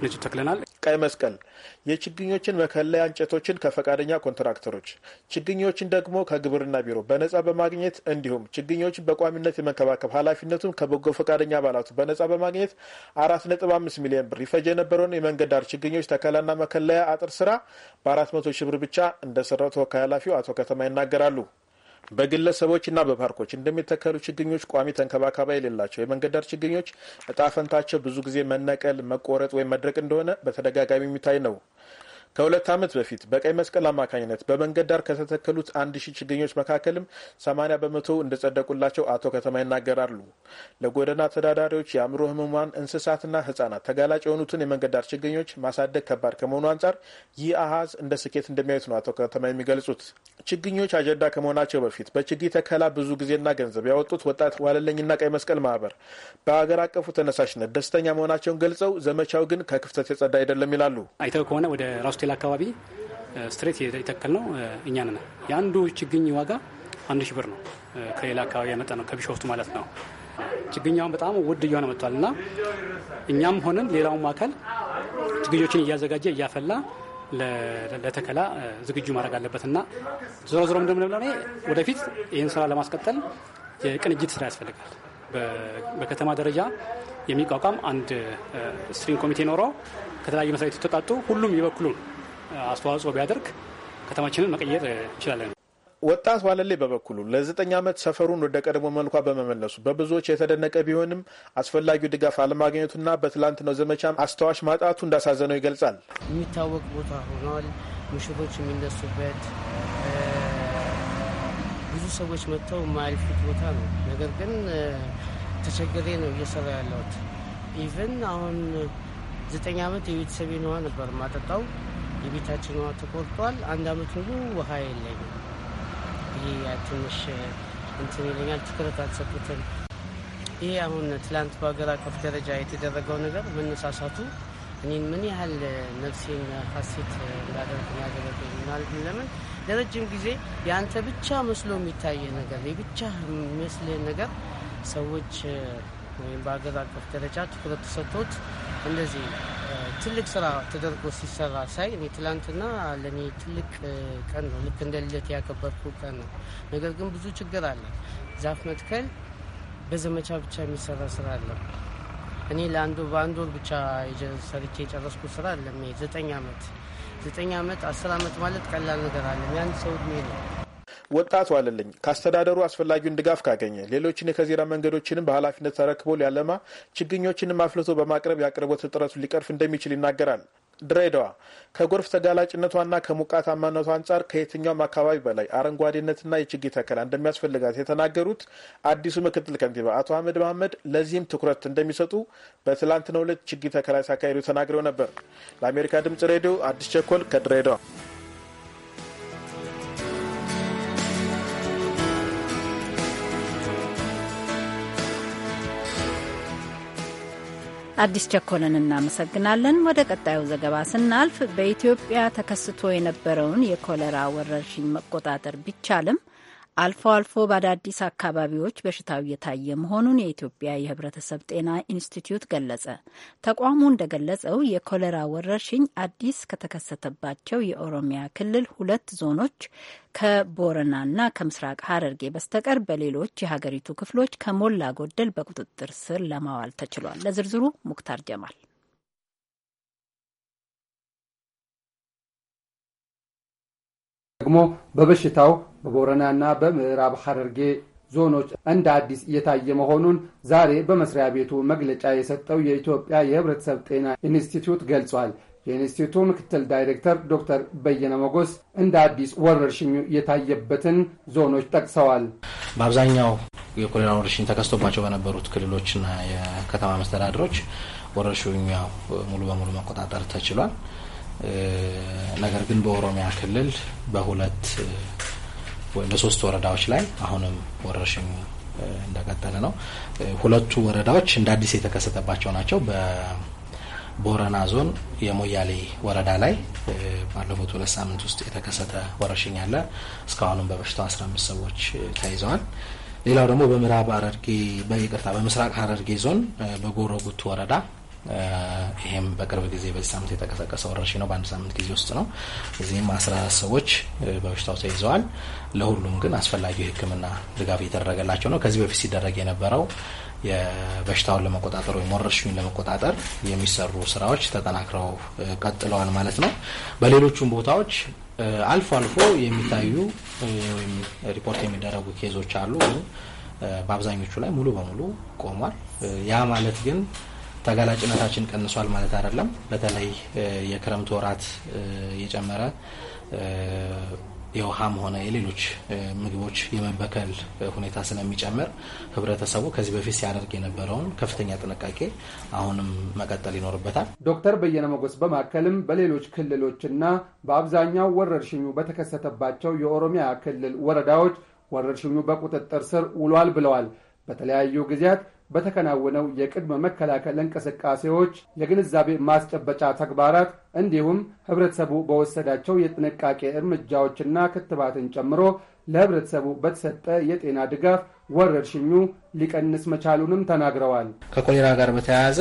እንደዚሁ ተክለናል። ቀይ መስቀል የችግኞችን መከለያ እንጨቶችን ከፈቃደኛ ኮንትራክተሮች፣ ችግኞችን ደግሞ ከግብርና ቢሮ በነጻ በማግኘት እንዲሁም ችግኞችን በቋሚነት የመንከባከብ ኃላፊነቱን ከበጎ ፈቃደኛ አባላቱ በነጻ በማግኘት አራት ነጥብ አምስት ሚሊዮን ብር ይፈጅ የነበረውን የመንገድ ዳር ችግኞች ተከላና መከለያ አጥር ስራ በአራት መቶ ሺህ ብር ብቻ እንደሰራው ተወካይ ኃላፊው አቶ ከተማ ይናገራሉ። በግለሰቦችና በፓርኮች እንደሚተከሉ ችግኞች ቋሚ ተንከባካባ የሌላቸው የመንገድ ዳር ችግኞች እጣፈንታቸው ብዙ ጊዜ መነቀል፣ መቆረጥ ወይም መድረቅ እንደሆነ በተደጋጋሚ የሚታይ ነው። ከሁለት ዓመት በፊት በቀይ መስቀል አማካኝነት በመንገድ ዳር ከተተከሉት አንድ ሺህ ችግኞች መካከልም ሰማኒያ በመቶ እንደጸደቁላቸው አቶ ከተማ ይናገራሉ። ለጎዳና ተዳዳሪዎች፣ የአእምሮ ህሙማን፣ እንስሳትና ህጻናት ተጋላጭ የሆኑትን የመንገድ ዳር ችግኞች ማሳደግ ከባድ ከመሆኑ አንጻር ይህ አሀዝ እንደ ስኬት እንደሚያዩት ነው አቶ ከተማ የሚገልጹት። ችግኞች አጀንዳ ከመሆናቸው በፊት በችግኝ ተከላ ብዙ ጊዜና ገንዘብ ያወጡት ወጣት ዋለለኝና ቀይ መስቀል ማህበር በሀገር አቀፉ ተነሳሽነት ደስተኛ መሆናቸውን ገልጸው ዘመቻው ግን ከክፍተት የጸዳ አይደለም ይላሉ። አይተው ከሆነ ወደ ራሱ ሆስቴል አካባቢ ስትሬት የተከል ነው እኛን ነው። የአንዱ ችግኝ ዋጋ አንድ ሺህ ብር ነው። ከሌላ አካባቢ ያመጣ ነው ከቢሾፍቱ ማለት ነው። ችግኛውን በጣም ውድ እየሆነ መጥቷል እና እኛም ሆንን ሌላውም አካል ችግኞችን እያዘጋጀ እያፈላ ለተከላ ዝግጁ ማድረግ አለበት እና ዞሮ ዞሮ እንደምንለው ወደፊት ይህን ስራ ለማስቀጠል የቅንጅት ስራ ያስፈልጋል። በከተማ ደረጃ የሚቋቋም አንድ ስትሪንግ ኮሚቴ ኖሮ ከተለያዩ መሰረት ተጣጡ ሁሉም የበኩሉን አስተዋጽኦ ቢያደርግ ከተማችንን መቀየር እንችላለን። ወጣት ዋለሌ በበኩሉ ለዘጠኝ ዓመት ሰፈሩን ወደ ቀድሞ መልኳ በመመለሱ በብዙዎች የተደነቀ ቢሆንም አስፈላጊው ድጋፍ አለማግኘቱና በትላንትናው ዘመቻ አስታዋሽ ማጣቱ እንዳሳዘነው ይገልጻል። የሚታወቅ ቦታ ሆኗል። ምሽቶች የሚነሱበት ብዙ ሰዎች መጥተው የማያልፉት ቦታ ነው። ነገር ግን ተቸግሬ ነው እየሰራ ያለሁት ኢቨን አሁን ዘጠኝ ዓመት የቤተሰቤን ውሃ ነበር ማጠጣው። የቤታችን ውሃ ተቆርጧል። አንድ ዓመት ሙሉ ውሃ የለኝም። ይህ ትንሽ እንትን ይለኛል። ትኩረት አልሰጡትም። ይህ አሁን ትላንት በሀገር አቀፍ ደረጃ የተደረገው ነገር መነሳሳቱ እኔን ምን ያህል ነፍሴን ሀሴት እንዳደረግ ያደረገኝ ለምን ለረጅም ጊዜ የአንተ ብቻ መስሎ የሚታየ ነገር የብቻ የሚመስልህ ነገር ሰዎች ወይም በሀገር አቀፍ ደረጃ ትኩረት ተሰጥቶት እንደዚህ ትልቅ ስራ ተደርጎ ሲሰራ ሳይ እኔ ትላንትና ለእኔ ትልቅ ቀን ነው። ልክ እንደ ልደት ያከበርኩ ቀን ነው። ነገር ግን ብዙ ችግር አለ። ዛፍ መትከል በዘመቻ ብቻ የሚሰራ ስራ አለ። እኔ ለአንዱ በአንድ ወር ብቻ ሰርቼ የጨረስኩ ስራ አለ። ዘጠኝ ዓመት ዘጠኝ ዓመት አስር ዓመት ማለት ቀላል ነገር አለ። የአንድ ሰው እድሜ ነው። ወጣቱ አለልኝ ከአስተዳደሩ አስፈላጊውን ድጋፍ ካገኘ ሌሎችን የከዜራ መንገዶችንም በኃላፊነት ተረክቦ ሊያለማ ችግኞችንም አፍልቶ በማቅረብ የአቅርቦት እጥረቱን ሊቀርፍ እንደሚችል ይናገራል። ድሬዳዋ ከጎርፍ ተጋላጭነቷና ከሙቀታማነቷ አንጻር ከየትኛውም አካባቢ በላይ አረንጓዴነትና የችግኝ ተከላ እንደሚያስፈልጋት የተናገሩት አዲሱ ምክትል ከንቲባ አቶ አህመድ መሀመድ ለዚህም ትኩረት እንደሚሰጡ በትላንትናው ዕለት ችግኝ ተከላ ሲያካሂዱ ተናግረው ነበር። ለአሜሪካ ድምጽ ሬዲዮ አዲስ ቸኮል ከድሬዳዋ አዲስ ቸኮልን እናመሰግናለን። ወደ ቀጣዩ ዘገባ ስናልፍ በኢትዮጵያ ተከስቶ የነበረውን የኮለራ ወረርሽኝ መቆጣጠር ቢቻልም አልፎ አልፎ በአዳዲስ አካባቢዎች በሽታው እየታየ መሆኑን የኢትዮጵያ የሕብረተሰብ ጤና ኢንስቲትዩት ገለጸ። ተቋሙ እንደገለጸው የኮሌራ ወረርሽኝ አዲስ ከተከሰተባቸው የኦሮሚያ ክልል ሁለት ዞኖች ከቦረናና ከምስራቅ ሀረርጌ በስተቀር በሌሎች የሀገሪቱ ክፍሎች ከሞላ ጎደል በቁጥጥር ስር ለማዋል ተችሏል። ለዝርዝሩ ሙክታር ጀማል ደግሞ በበሽታው በቦረናና በምዕራብ ሐረርጌ ዞኖች እንደ አዲስ እየታየ መሆኑን ዛሬ በመስሪያ ቤቱ መግለጫ የሰጠው የኢትዮጵያ የሕብረተሰብ ጤና ኢንስቲትዩት ገልጿል። የኢንስቲትዩቱ ምክትል ዳይሬክተር ዶክተር በየነ መጎስ እንደ አዲስ ወረርሽኙ የታየበትን ዞኖች ጠቅሰዋል። በአብዛኛው የኮሌራ ወረርሽኝ ተከስቶባቸው በነበሩት ክልሎችና የከተማ መስተዳድሮች ወረርሽኙ ሙሉ በሙሉ መቆጣጠር ተችሏል። ነገር ግን በኦሮሚያ ክልል በሁለት ወይም በሶስት ወረዳዎች ላይ አሁንም ወረርሽኙ እንደቀጠለ ነው። ሁለቱ ወረዳዎች እንደ አዲስ የተከሰተባቸው ናቸው። በቦረና ዞን የሞያሌ ወረዳ ላይ ባለፉት ሁለት ሳምንት ውስጥ የተከሰተ ወረርሽኝ አለ። እስካሁንም በበሽታው 15 ሰዎች ተይዘዋል። ሌላው ደግሞ በምዕራብ ሐረርጌ በይቅርታ በምስራቅ ሐረርጌ ዞን በጎሮ ወረዳ ይሄም በቅርብ ጊዜ በዚህ ሳምንት የተቀሰቀሰ ወረርሽኝ ነው። በአንድ ሳምንት ጊዜ ውስጥ ነው። እዚህም አስራ ሰዎች በበሽታው ተይዘዋል። ለሁሉም ግን አስፈላጊው ህክምና ድጋፍ እየተደረገላቸው ነው። ከዚህ በፊት ሲደረግ የነበረው የበሽታውን ለመቆጣጠር ወይም ወረርሽኙን ለመቆጣጠር የሚሰሩ ስራዎች ተጠናክረው ቀጥለዋል ማለት ነው። በሌሎቹም ቦታዎች አልፎ አልፎ የሚታዩ ወይም ሪፖርት የሚደረጉ ኬዞች አሉ። በአብዛኞቹ ላይ ሙሉ በሙሉ ቆሟል። ያ ማለት ግን ተጋላጭነታችን ቀንሷል ማለት አይደለም። በተለይ የክረምት ወራት የጨመረ የውሃም ሆነ የሌሎች ምግቦች የመበከል ሁኔታ ስለሚጨምር ህብረተሰቡ ከዚህ በፊት ሲያደርግ የነበረውን ከፍተኛ ጥንቃቄ አሁንም መቀጠል ይኖርበታል። ዶክተር በየነ መጎስ በማከልም በሌሎች ክልሎችና በአብዛኛው ወረርሽኙ በተከሰተባቸው የኦሮሚያ ክልል ወረዳዎች ወረርሽኙ በቁጥጥር ስር ውሏል ብለዋል። በተለያዩ ጊዜያት በተከናወነው የቅድመ መከላከል እንቅስቃሴዎች፣ የግንዛቤ ማስጨበጫ ተግባራት እንዲሁም ህብረተሰቡ በወሰዳቸው የጥንቃቄ እርምጃዎችና ክትባትን ጨምሮ ለህብረተሰቡ በተሰጠ የጤና ድጋፍ ወረርሽኙ ሊቀንስ መቻሉንም ተናግረዋል። ከኮሌራ ጋር በተያያዘ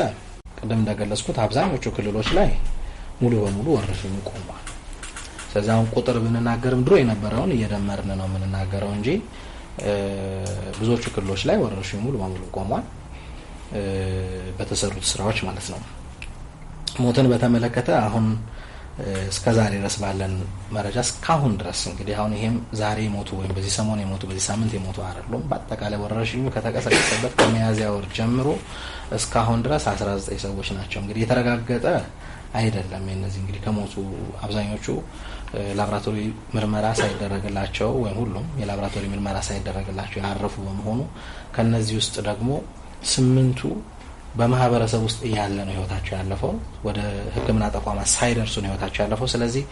ቅድም እንደገለጽኩት አብዛኞቹ ክልሎች ላይ ሙሉ በሙሉ ወረርሽኙ ቆሟል። ስለዚህ አሁን ቁጥር ብንናገርም ድሮ የነበረውን እየደመርን ነው የምንናገረው እንጂ ብዙዎቹ ክልሎች ላይ ወረርሽኙ ሙሉ በሙሉ ቆሟል። በተሰሩት ስራዎች ማለት ነው። ሞትን በተመለከተ አሁን እስከ ዛሬ ድረስ ባለን መረጃ እስካሁን ድረስ እንግዲህ አሁን ይሄም ዛሬ የሞቱ ወይም በዚህ ሰሞን የሞቱ በዚህ ሳምንት የሞቱ አይደሉም። በአጠቃላይ ወረርሽኙ ከተቀሰቀሰበት ከሚያዝያ ወር ጀምሮ እስካሁን ድረስ 19 ሰዎች ናቸው እንግዲህ የተረጋገጠ አይደለም። እነዚህ እንግዲህ ከሞቱ አብዛኞቹ ላብራቶሪ ምርመራ ሳይደረግላቸው ወይም ሁሉም የላብራቶሪ ምርመራ ሳይደረግላቸው ያረፉ በመሆኑ ከነዚህ ውስጥ ደግሞ ስምንቱ በማህበረሰብ ውስጥ እያለ ነው ህይወታቸው ያለፈው። ወደ ሕክምና ተቋማት ሳይደርሱ ነው ህይወታቸው ያለፈው። ስለዚህ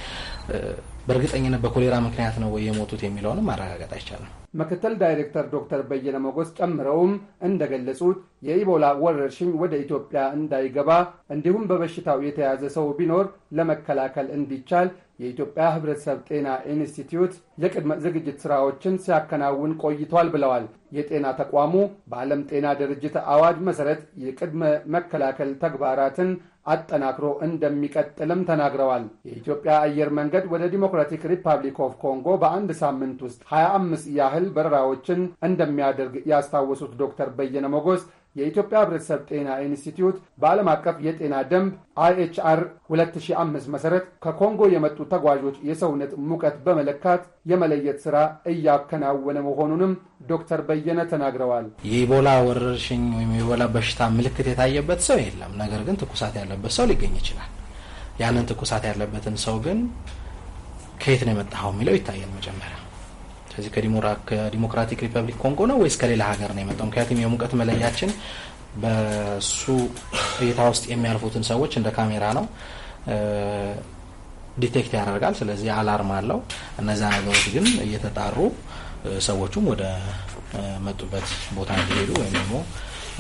በእርግጠኝነት በኮሌራ ምክንያት ነው ወይ የሞቱት የሚለውንም ማረጋገጥ አይቻልም። ምክትል ዳይሬክተር ዶክተር በየነ መጎስ ጨምረውም እንደገለጹት የኢቦላ ወረርሽኝ ወደ ኢትዮጵያ እንዳይገባ እንዲሁም በበሽታው የተያዘ ሰው ቢኖር ለመከላከል እንዲቻል የኢትዮጵያ ሕብረተሰብ ጤና ኢንስቲትዩት የቅድመ ዝግጅት ሥራዎችን ሲያከናውን ቆይቷል ብለዋል። የጤና ተቋሙ በዓለም ጤና ድርጅት አዋጅ መሠረት የቅድመ መከላከል ተግባራትን አጠናክሮ እንደሚቀጥልም ተናግረዋል። የኢትዮጵያ አየር መንገድ ወደ ዲሞክራቲክ ሪፐብሊክ ኦፍ ኮንጎ በአንድ ሳምንት ውስጥ 25 ያህል በረራዎችን እንደሚያደርግ ያስታወሱት ዶክተር በየነ መጎስ የኢትዮጵያ ህብረተሰብ ጤና ኢንስቲትዩት በዓለም አቀፍ የጤና ደንብ አይኤችአር 2005 መሠረት ከኮንጎ የመጡ ተጓዦች የሰውነት ሙቀት በመለካት የመለየት ሥራ እያከናወነ መሆኑንም ዶክተር በየነ ተናግረዋል። የኢቦላ ወረርሽኝ ወይም የኢቦላ በሽታ ምልክት የታየበት ሰው የለም። ነገር ግን ትኩሳት ያለበት ሰው ሊገኝ ይችላል። ያንን ትኩሳት ያለበትን ሰው ግን ከየት ነው የመጣኸው የሚለው ይታያል መጀመሪያ ከዚህ ከዲሞክራቲክ ሪፐብሊክ ኮንጎ ነው ወይስ ከሌላ ሀገር ነው የመጣው? ምክንያቱም የሙቀት መለያችን በሱ እይታ ውስጥ የሚያልፉትን ሰዎች እንደ ካሜራ ነው ዲቴክት ያደርጋል። ስለዚህ አላርም አለው። እነዛ ነገሮች ግን እየተጣሩ ሰዎቹም ወደ መጡበት ቦታ እንዲሄዱ ወይም ደግሞ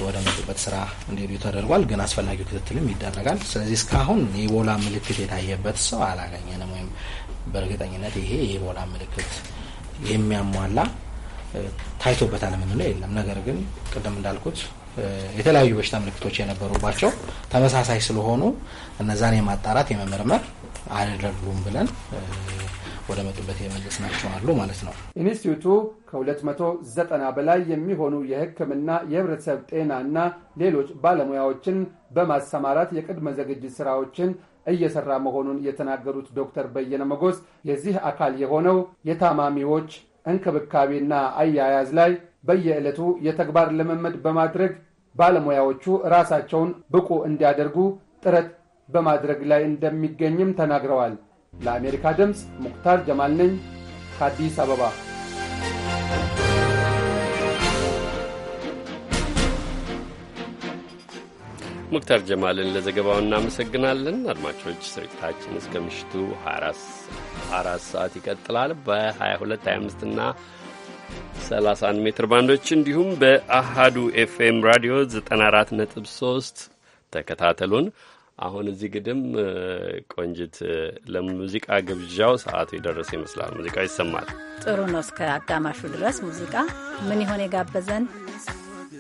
ወደ መጡበት ስራ እንዲሄዱ ተደርጓል። ግን አስፈላጊው ክትትልም ይደረጋል። ስለዚህ እስካሁን የኢቦላ ምልክት የታየበት ሰው አላገኘንም ወይም በእርግጠኝነት ይሄ የኢቦላ ምልክት የሚያሟላ ታይቶበታል የምንለው የለም። ነገር ግን ቅድም እንዳልኩት የተለያዩ በሽታ ምልክቶች የነበሩባቸው ተመሳሳይ ስለሆኑ እነዛን የማጣራት የመመርመር አይደሉም ብለን ወደ መጡበት የመለስ ናቸው አሉ ማለት ነው። ኢንስቲትዩቱ ከ290 በላይ የሚሆኑ የሕክምና የህብረተሰብ ጤና እና ሌሎች ባለሙያዎችን በማሰማራት የቅድመ ዝግጅት ስራዎችን እየሰራ መሆኑን የተናገሩት ዶክተር በየነ መጎስ የዚህ አካል የሆነው የታማሚዎች እንክብካቤና አያያዝ ላይ በየዕለቱ የተግባር ልምምድ በማድረግ ባለሙያዎቹ ራሳቸውን ብቁ እንዲያደርጉ ጥረት በማድረግ ላይ እንደሚገኝም ተናግረዋል። ለአሜሪካ ድምፅ ሙክታር ጀማል ነኝ ከአዲስ አበባ። ሙክታር ጀማልን ለዘገባው እናመሰግናለን። አድማጮች ስርጭታችን እስከ ምሽቱ አራት ሰዓት ይቀጥላል። በ22፣ 25 እና 31 ሜትር ባንዶች እንዲሁም በአሃዱ ኤፍኤም ራዲዮ 94.3 ተከታተሉን። አሁን እዚህ ግድም ቆንጅት ለሙዚቃ ግብዣው ሰዓቱ የደረሰ ይመስላል። ሙዚቃው ይሰማል። ጥሩ ነው። እስከ አጋማሹ ድረስ ሙዚቃ ምን ይሆን የጋበዘን?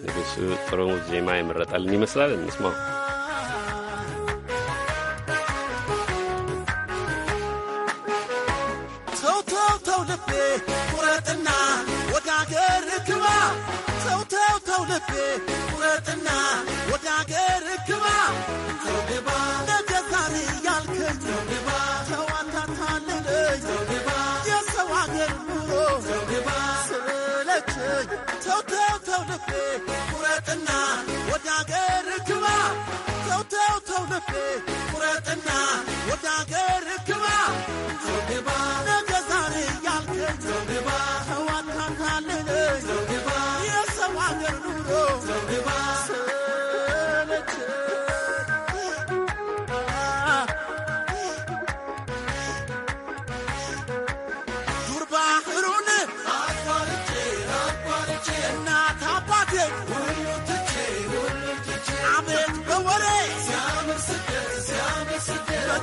ንጉሱ ጥሩ ዜማ የመረጠልን ይመስላል። እንስማ። ተው ተው ተው ልቤ ቁረጥና ወደ አገር ግባ። ተው ተው ተው ልቤ ቁረጥና ወደ አገር ግባ። ተው አገር ልቤ ቁረጥና ወደ አገር ግባ ተው ተው ተው ልቤ ቁረጥና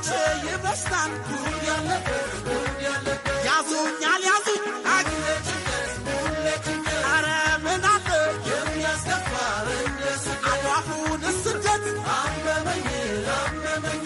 ቁጣቸ ይበስታል ያዙኛል ያዙኝ አረ የሚያስገባ የሚያስከፋ ስደት አመመኝ አመመኝ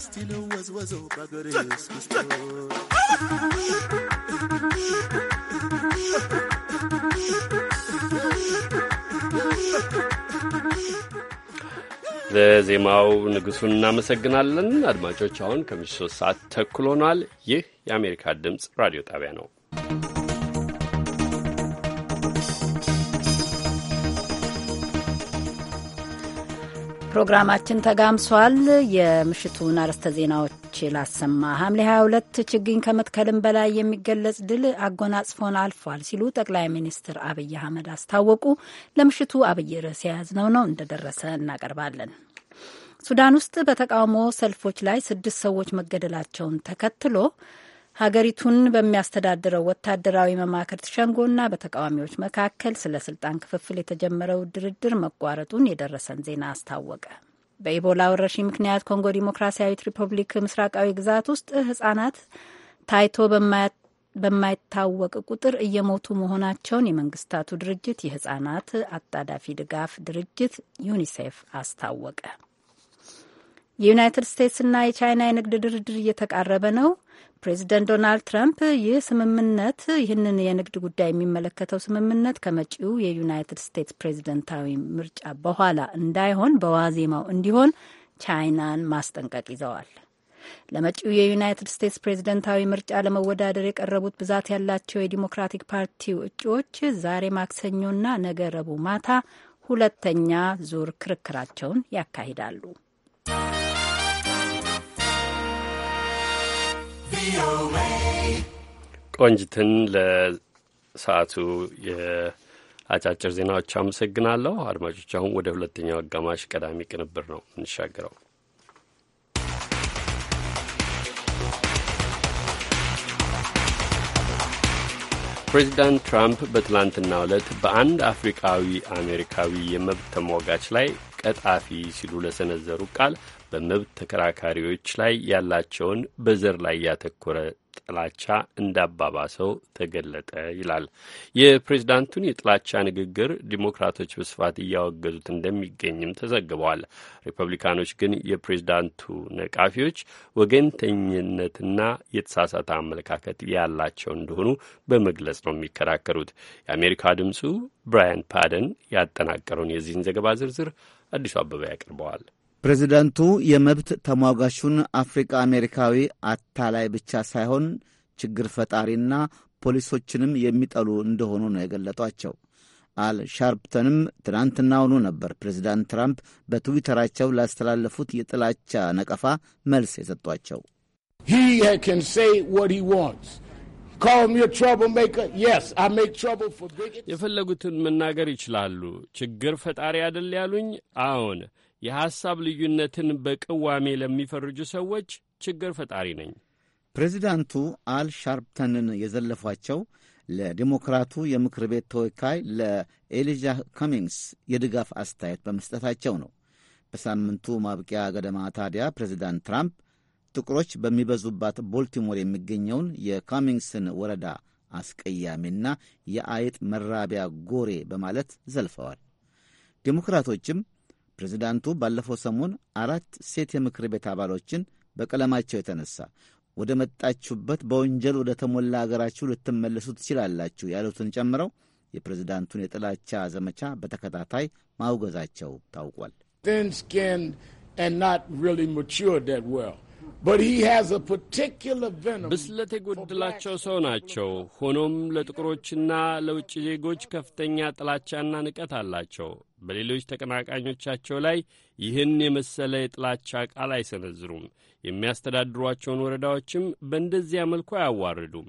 still a was was over good is ለዜማው ንጉሱን እናመሰግናለን። አድማጮች አሁን ከምሽቱ ሶስት ሰዓት ተኩል ሆኗል። ይህ የአሜሪካ ድምፅ ራዲዮ ጣቢያ ነው። ፕሮግራማችን ተጋምሷል። የምሽቱን አርዕስተ ዜናዎች ላሰማ። ሐምሌ 22 ችግኝ ከመትከልም በላይ የሚገለጽ ድል አጎናጽፎን አልፏል ሲሉ ጠቅላይ ሚኒስትር አብይ አህመድ አስታወቁ። ለምሽቱ አብይ ርዕስ የያዝነው ነው፣ እንደደረሰ እናቀርባለን። ሱዳን ውስጥ በተቃውሞ ሰልፎች ላይ ስድስት ሰዎች መገደላቸውን ተከትሎ ሀገሪቱን በሚያስተዳድረው ወታደራዊ መማክርት ሸንጎና በተቃዋሚዎች መካከል ስለ ስልጣን ክፍፍል የተጀመረው ድርድር መቋረጡን የደረሰን ዜና አስታወቀ። በኢቦላ ወረርሽኝ ምክንያት ኮንጎ ዲሞክራሲያዊት ሪፐብሊክ ምስራቃዊ ግዛት ውስጥ ህጻናት ታይቶ በማይታወቅ ቁጥር እየሞቱ መሆናቸውን የመንግስታቱ ድርጅት የህጻናት አጣዳፊ ድጋፍ ድርጅት ዩኒሴፍ አስታወቀ። የዩናይትድ ስቴትስና የቻይና የንግድ ድርድር እየተቃረበ ነው። ፕሬዚደንት ዶናልድ ትራምፕ ይህ ስምምነት ይህንን የንግድ ጉዳይ የሚመለከተው ስምምነት ከመጪው የዩናይትድ ስቴትስ ፕሬዚደንታዊ ምርጫ በኋላ እንዳይሆን በዋዜማው እንዲሆን ቻይናን ማስጠንቀቅ ይዘዋል። ለመጪው የዩናይትድ ስቴትስ ፕሬዝደንታዊ ምርጫ ለመወዳደር የቀረቡት ብዛት ያላቸው የዲሞክራቲክ ፓርቲው እጩዎች ዛሬ ማክሰኞና ነገ ረቡዕ ማታ ሁለተኛ ዙር ክርክራቸውን ያካሂዳሉ። ቆንጅትን ለሰዓቱ የአጫጭር ዜናዎች አመሰግናለሁ። አድማጮች፣ አሁን ወደ ሁለተኛው አጋማሽ ቀዳሚ ቅንብር ነው የምንሻገረው። ፕሬዚዳንት ትራምፕ በትላንትና ዕለት በአንድ አፍሪካዊ አሜሪካዊ የመብት ተሟጋች ላይ ቀጣፊ ሲሉ ለሰነዘሩ ቃል በመብት ተከራካሪዎች ላይ ያላቸውን በዘር ላይ ያተኮረ ጥላቻ እንዳባባሰው ተገለጠ ይላል። የፕሬዝዳንቱን የጥላቻ ንግግር ዲሞክራቶች በስፋት እያወገዙት እንደሚገኝም ተዘግበዋል። ሪፐብሊካኖች ግን የፕሬዝዳንቱ ነቃፊዎች ወገንተኝነትና የተሳሳተ አመለካከት ያላቸው እንደሆኑ በመግለጽ ነው የሚከራከሩት። የአሜሪካ ድምፁ ብራያን ፓደን ያጠናቀረውን የዚህን ዘገባ ዝርዝር አዲሱ አበበ ያቀርበዋል። ፕሬዚዳንቱ የመብት ተሟጋቹን አፍሪካ አሜሪካዊ አታላይ ብቻ ሳይሆን ችግር ፈጣሪና ፖሊሶችንም የሚጠሉ እንደሆኑ ነው የገለጧቸው። አል ሻርፕተንም ትናንትናውኑ ነበር ፕሬዚዳንት ትራምፕ በትዊተራቸው ላስተላለፉት የጥላቻ ነቀፋ መልስ የሰጧቸው። የፈለጉትን መናገር ይችላሉ። ችግር ፈጣሪ አደል ያሉኝ? አዎን፣ የሐሳብ ልዩነትን በቅዋሜ ለሚፈርጁ ሰዎች ችግር ፈጣሪ ነኝ። ፕሬዚዳንቱ አል ሻርፕተንን የዘለፏቸው ለዲሞክራቱ የምክር ቤት ተወካይ ለኤሊጃ ካሚንግስ የድጋፍ አስተያየት በመስጠታቸው ነው። በሳምንቱ ማብቂያ ገደማ ታዲያ ፕሬዚዳንት ትራምፕ ጥቁሮች በሚበዙባት ቦልቲሞር የሚገኘውን የካሚንግስን ወረዳ አስቀያሚና የአይጥ መራቢያ ጎሬ በማለት ዘልፈዋል። ዴሞክራቶችም ፕሬዚዳንቱ ባለፈው ሰሞን አራት ሴት የምክር ቤት አባሎችን በቀለማቸው የተነሳ ወደ መጣችሁበት በወንጀል ወደ ተሞላ አገራችሁ ልትመለሱ ትችላላችሁ ያሉትን ጨምረው የፕሬዚዳንቱን የጥላቻ ዘመቻ በተከታታይ ማውገዛቸው ታውቋል። ብስለት የጎደላቸው ሰው ናቸው። ሆኖም ለጥቁሮችና ለውጭ ዜጎች ከፍተኛ ጥላቻና ንቀት አላቸው። በሌሎች ተቀናቃኞቻቸው ላይ ይህን የመሰለ የጥላቻ ቃል አይሰነዝሩም። የሚያስተዳድሯቸውን ወረዳዎችም በእንደዚያ መልኩ አያዋርዱም።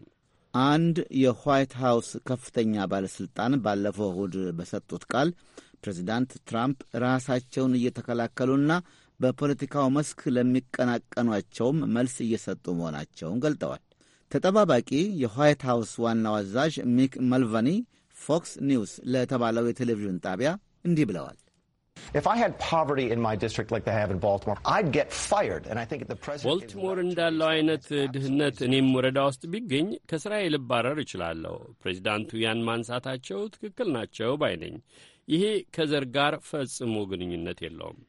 አንድ የዋይት ሃውስ ከፍተኛ ባለሥልጣን ባለፈው እሁድ በሰጡት ቃል ፕሬዚዳንት ትራምፕ ራሳቸውን እየተከላከሉና በፖለቲካው መስክ ለሚቀናቀኗቸውም መልስ እየሰጡ መሆናቸውን ገልጠዋል። ተጠባባቂ የዋይት ሃውስ ዋናው አዛዥ ሚክ መልቫኒ ፎክስ ኒውስ ለተባለው የቴሌቪዥን ጣቢያ እንዲህ ብለዋል። ቦልቲሞር እንዳለው አይነት ድህነት እኔም ወረዳ ውስጥ ቢገኝ ከሥራዬ ልባረር እችላለሁ። ፕሬዚዳንቱ ያን ማንሳታቸው ትክክል ናቸው ባይነኝ። ይሄ ከዘር ጋር ፈጽሞ ግንኙነት የለውም።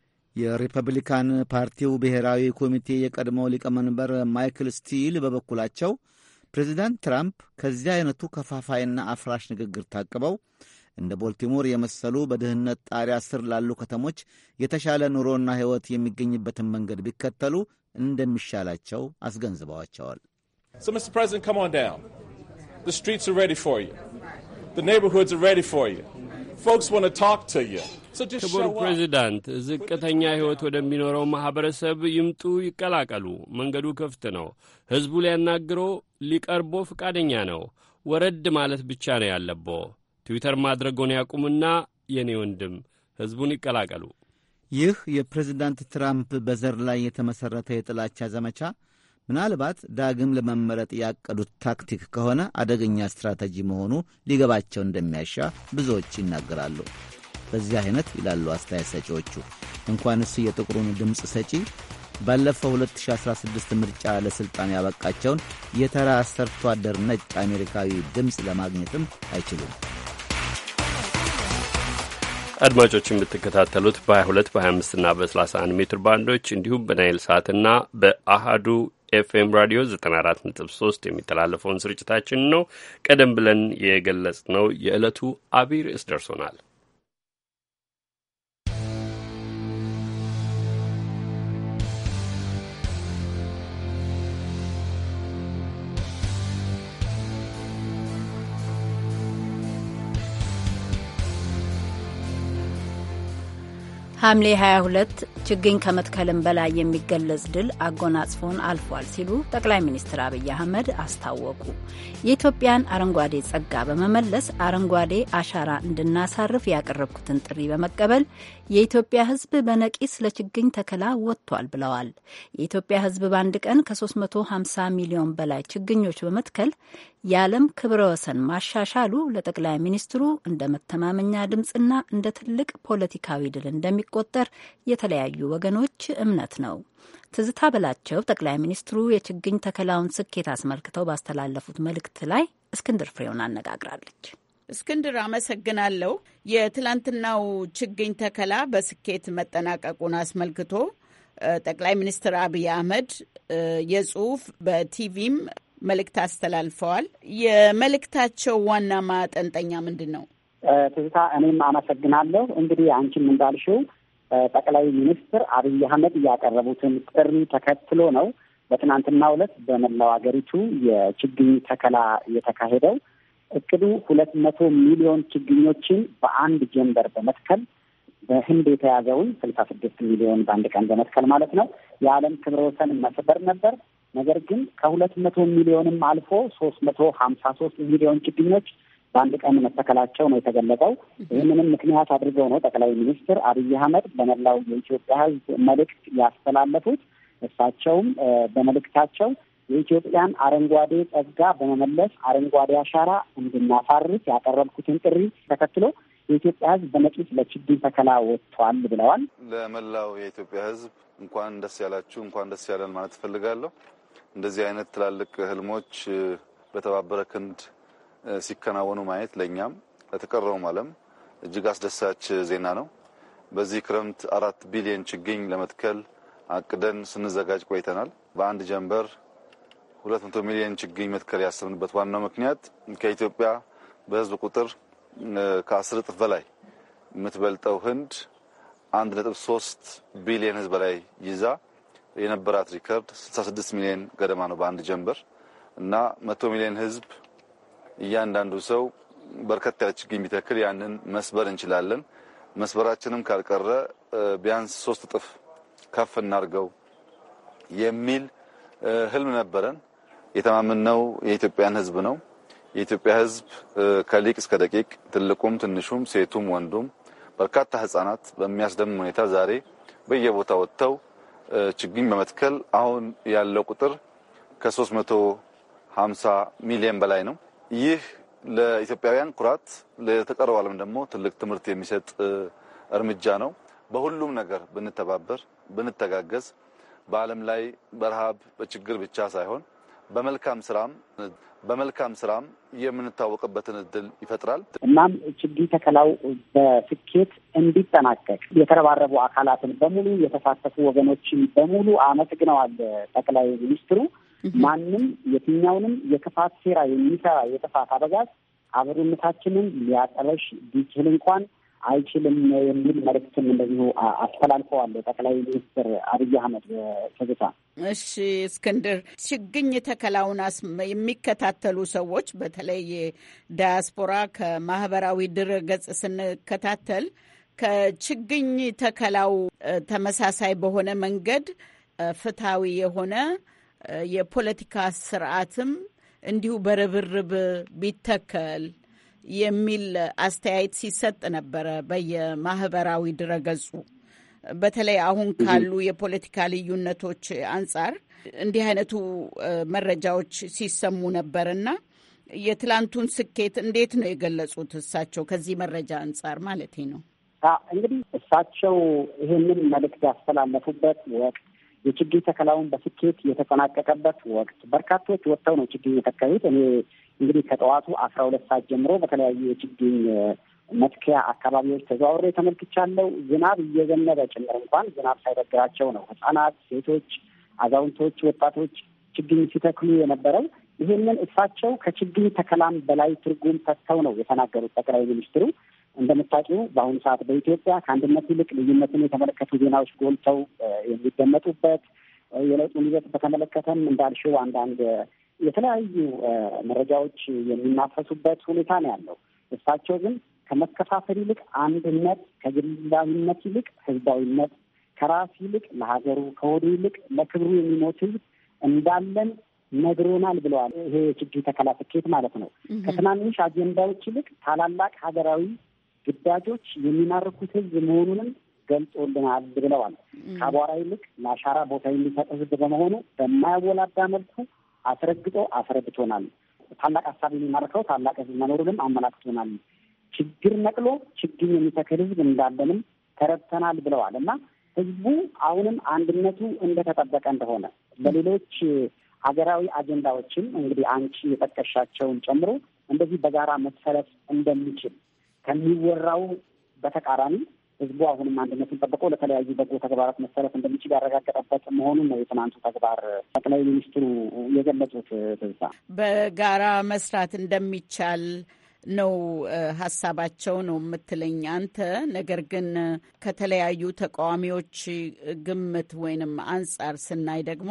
የሪፐብሊካን ፓርቲው ብሔራዊ ኮሚቴ የቀድሞው ሊቀመንበር ማይክል ስቲል በበኩላቸው ፕሬዚዳንት ትራምፕ ከዚህ አይነቱ ከፋፋይና አፍራሽ ንግግር ታቅበው እንደ ቦልቲሞር የመሰሉ በድህነት ጣሪያ ስር ላሉ ከተሞች የተሻለ ኑሮና ሕይወት የሚገኝበትን መንገድ ቢከተሉ እንደሚሻላቸው አስገንዝበዋቸዋል። ዩ ክቡር ፕሬዚዳንት፣ ዝቅተኛ ሕይወት ወደሚኖረው ማኅበረሰብ ይምጡ፣ ይቀላቀሉ። መንገዱ ክፍት ነው። ሕዝቡ ሊያናግሮ ሊቀርቦ ፈቃደኛ ነው። ወረድ ማለት ብቻ ነው ያለቦ። ትዊተር ማድረጎን ያቁምና የኔ ወንድም ሕዝቡን ይቀላቀሉ። ይህ የፕሬዚዳንት ትራምፕ በዘር ላይ የተመሠረተ የጥላቻ ዘመቻ ምናልባት ዳግም ለመመረጥ ያቀዱት ታክቲክ ከሆነ አደገኛ ስትራቴጂ መሆኑ ሊገባቸው እንደሚያሻ ብዙዎች ይናገራሉ። በዚህ አይነት ይላሉ አስተያየት ሰጪዎቹ። እንኳንስ የጥቁሩን ድምፅ ሰጪ ባለፈው 2016 ምርጫ ለሥልጣን ያበቃቸውን የተራ ሰርቶ አደር ነጭ አሜሪካዊ ድምፅ ለማግኘትም አይችሉም። አድማጮች የምትከታተሉት በ22 በ25ና በ31 ሜትር ባንዶች እንዲሁም በናይል ሰዓትና በአሃዱ ኤፍኤም ራዲዮ 94.3 የሚተላለፈውን ስርጭታችን ነው። ቀደም ብለን የገለጽ ነው የዕለቱ አብይ ርዕስ ደርሶናል። ሐምሌ 22 ችግኝ ከመትከልም በላይ የሚገለጽ ድል አጎናጽፎን አልፏል ሲሉ ጠቅላይ ሚኒስትር አብይ አህመድ አስታወቁ። የኢትዮጵያን አረንጓዴ ጸጋ በመመለስ አረንጓዴ አሻራ እንድናሳርፍ ያቀረብኩትን ጥሪ በመቀበል የኢትዮጵያ ሕዝብ በነቂስ ለችግኝ ተከላ ወጥቷል ብለዋል። የኢትዮጵያ ሕዝብ በአንድ ቀን ከ350 ሚሊዮን በላይ ችግኞች በመትከል የዓለም ክብረ ወሰን ማሻሻሉ ለጠቅላይ ሚኒስትሩ እንደ መተማመኛ ድምፅና እንደ ትልቅ ፖለቲካዊ ድል እንደሚቆጠር የተለያዩ ወገኖች እምነት ነው። ትዝታ በላቸው ጠቅላይ ሚኒስትሩ የችግኝ ተከላውን ስኬት አስመልክተው ባስተላለፉት መልእክት ላይ እስክንድር ፍሬውን አነጋግራለች። እስክንድር አመሰግናለሁ። የትላንትናው ችግኝ ተከላ በስኬት መጠናቀቁን አስመልክቶ ጠቅላይ ሚኒስትር አብይ አህመድ የጽሁፍ በቲቪም መልእክት አስተላልፈዋል። የመልእክታቸው ዋና ማጠንጠኛ ምንድን ነው? ትዝታ፣ እኔም አመሰግናለሁ። እንግዲህ አንቺም እንዳልሽው ጠቅላይ ሚኒስትር አብይ አህመድ ያቀረቡትን ጥሪ ተከትሎ ነው በትናንትናው ዕለት በመላው ሀገሪቱ የችግኝ ተከላ የተካሄደው። እቅዱ ሁለት መቶ ሚሊዮን ችግኞችን በአንድ ጀንበር በመትከል በህንድ የተያዘውን ስልሳ ስድስት ሚሊዮን በአንድ ቀን በመትከል ማለት ነው የዓለም ክብረ ወሰን መስበር ነበር። ነገር ግን ከሁለት መቶ ሚሊዮንም አልፎ ሶስት መቶ ሀምሳ ሶስት ሚሊዮን ችግኞች በአንድ ቀን መተከላቸው ነው የተገለጸው። ይህንንም ምክንያት አድርገው ነው ጠቅላይ ሚኒስትር አብይ አህመድ በመላው የኢትዮጵያ ህዝብ መልእክት ያስተላለፉት። እሳቸውም በመልእክታቸው የኢትዮጵያን አረንጓዴ ጸጋ በመመለስ አረንጓዴ አሻራ እንድናፋርስ ያቀረብኩትን ጥሪ ተከትሎ የኢትዮጵያ ሕዝብ በነቂስ ለችግኝ ተከላ ወጥቷል ብለዋል። ለመላው የኢትዮጵያ ሕዝብ እንኳን ደስ ያላችሁ፣ እንኳን ደስ ያለን ማለት እፈልጋለሁ። እንደዚህ አይነት ትላልቅ ህልሞች በተባበረ ክንድ ሲከናወኑ ማየት ለእኛም ለተቀረውም ዓለም እጅግ አስደሳች ዜና ነው። በዚህ ክረምት አራት ቢሊዮን ችግኝ ለመትከል አቅደን ስንዘጋጅ ቆይተናል። በአንድ ጀንበር ሁለት መቶ ሚሊዮን ችግኝ መትከል ያሰብንበት ዋናው ምክንያት ከኢትዮጵያ በህዝብ ቁጥር ከአስር እጥፍ በላይ የምትበልጠው ህንድ አንድ ነጥብ ሶስት ቢሊዮን ህዝብ በላይ ይዛ የነበራት ሪከርድ 66 ሚሊዮን ገደማ ነው በአንድ ጀንበር እና መቶ ሚሊዮን ህዝብ እያንዳንዱ ሰው በርከት ያለ ችግኝ ቢተክል ያንን መስበር እንችላለን። መስበራችንም ካልቀረ ቢያንስ ሶስት እጥፍ ከፍ እናርገው የሚል ህልም ነበረን። የተማመንነው የኢትዮጵያን ህዝብ ነው። የኢትዮጵያ ህዝብ ከሊቅ እስከ ደቂቅ ትልቁም ትንሹም ሴቱም ወንዱም በርካታ ህጻናት በሚያስደምም ሁኔታ ዛሬ በየቦታ ወጥተው ችግኝ በመትከል አሁን ያለው ቁጥር ከ350 ሚሊዮን በላይ ነው። ይህ ለኢትዮጵያውያን ኩራት፣ ለተቀረው ዓለም ደግሞ ትልቅ ትምህርት የሚሰጥ እርምጃ ነው። በሁሉም ነገር ብንተባበር፣ ብንተጋገዝ በዓለም ላይ በረሃብ በችግር ብቻ ሳይሆን በመልካም ስራም በመልካም ስራም የምንታወቅበትን እድል ይፈጥራል። እናም ችግኝ ተከላው በስኬት እንዲጠናቀቅ የተረባረቡ አካላትን በሙሉ የተሳተፉ ወገኖችን በሙሉ አመስግነዋል ጠቅላይ ሚኒስትሩ። ማንም የትኛውንም የክፋት ሴራ የሚሰራ የጥፋት አበጋዝ አብሮነታችንን ሊያጠለሽ ቢችል እንኳን አይችልም የሚል መልእክትም እንደዚሁ አስተላልፈዋል ጠቅላይ ሚኒስትር አብይ አህመድ ትዝታ። እሺ እስክንድር፣ ችግኝ ተከላውን የሚከታተሉ ሰዎች በተለይ ዳያስፖራ ከማህበራዊ ድረገጽ ስንከታተል ከችግኝ ተከላው ተመሳሳይ በሆነ መንገድ ፍትሐዊ የሆነ የፖለቲካ ስርዓትም እንዲሁ በርብርብ ቢተከል የሚል አስተያየት ሲሰጥ ነበረ በየማህበራዊ ድረገጹ። በተለይ አሁን ካሉ የፖለቲካ ልዩነቶች አንጻር እንዲህ አይነቱ መረጃዎች ሲሰሙ ነበርና የትላንቱን ስኬት እንዴት ነው የገለጹት? እሳቸው ከዚህ መረጃ አንጻር ማለት ነው። እንግዲህ እሳቸው ይህንን መልእክት ያስተላለፉበት ወቅት የችግኝ ተከላውን በስኬት የተጠናቀቀበት ወቅት፣ በርካቶች ወጥተው ነው ችግኝ የተከሉት። እኔ እንግዲህ ከጠዋቱ አስራ ሁለት ሰዓት ጀምሮ በተለያዩ የችግኝ መትከያ አካባቢዎች ተዘዋውሬ ተመልክቻለሁ። ዝናብ እየዘነበ ጭምር እንኳን ዝናብ ሳይበግራቸው ነው ህጻናት፣ ሴቶች፣ አዛውንቶች፣ ወጣቶች ችግኝ ሲተክሉ የነበረው። ይህንን እሳቸው ከችግኝ ተከላም በላይ ትርጉም ሰጥተው ነው የተናገሩት ጠቅላይ ሚኒስትሩ። እንደምታውቂው በአሁኑ ሰዓት በኢትዮጵያ ከአንድነት ይልቅ ልዩነትን የተመለከቱ ዜናዎች ጎልተው የሚደመጡበት የለውጡን ይዘት በተመለከተም እንዳልሽው አንዳንድ የተለያዩ መረጃዎች የሚናፈሱበት ሁኔታ ነው ያለው። እሳቸው ግን ከመከፋፈል ይልቅ አንድነት፣ ከግላዊነት ይልቅ ህዝባዊነት፣ ከራስ ይልቅ ለሀገሩ፣ ከወዱ ይልቅ ለክብሩ የሚሞት ህዝብ እንዳለን ነግሮናል ብለዋል። ይሄ የችግኝ ተከላ ስኬት ማለት ነው። ከትናንሽ አጀንዳዎች ይልቅ ታላላቅ ሀገራዊ ግዳጆች የሚማርኩት ህዝብ መሆኑንም ገልጾልናል ብለዋል። ከአቧራ ይልቅ ለአሻራ ቦታ የሚሰጥ ህዝብ በመሆኑ በማያወላዳ መልኩ አስረግጦ አስረድቶናል። ታላቅ ሀሳብ የሚማርከው ታላቅ ህዝብ መኖሩንም አመላክቶናል። ችግር ነቅሎ ችግኝ የሚተክል ህዝብ እንዳለንም ተረድተናል ብለዋል እና ህዝቡ አሁንም አንድነቱ እንደተጠበቀ እንደሆነ ለሌሎች ሀገራዊ አጀንዳዎችም እንግዲህ አንቺ የጠቀሻቸውን ጨምሮ እንደዚህ በጋራ መሰለፍ እንደሚችል ከሚወራው በተቃራኒ ህዝቡ አሁንም አንድነቱን ጠብቆ ለተለያዩ በጎ ተግባራት መሰረት እንደሚችል ያረጋገጠበት መሆኑን ነው የትናንቱ ተግባር ጠቅላይ ሚኒስትሩ የገለጹት። ትዝታ በጋራ መስራት እንደሚቻል ነው ሀሳባቸው ነው የምትለኝ አንተ። ነገር ግን ከተለያዩ ተቃዋሚዎች ግምት ወይንም አንጻር ስናይ ደግሞ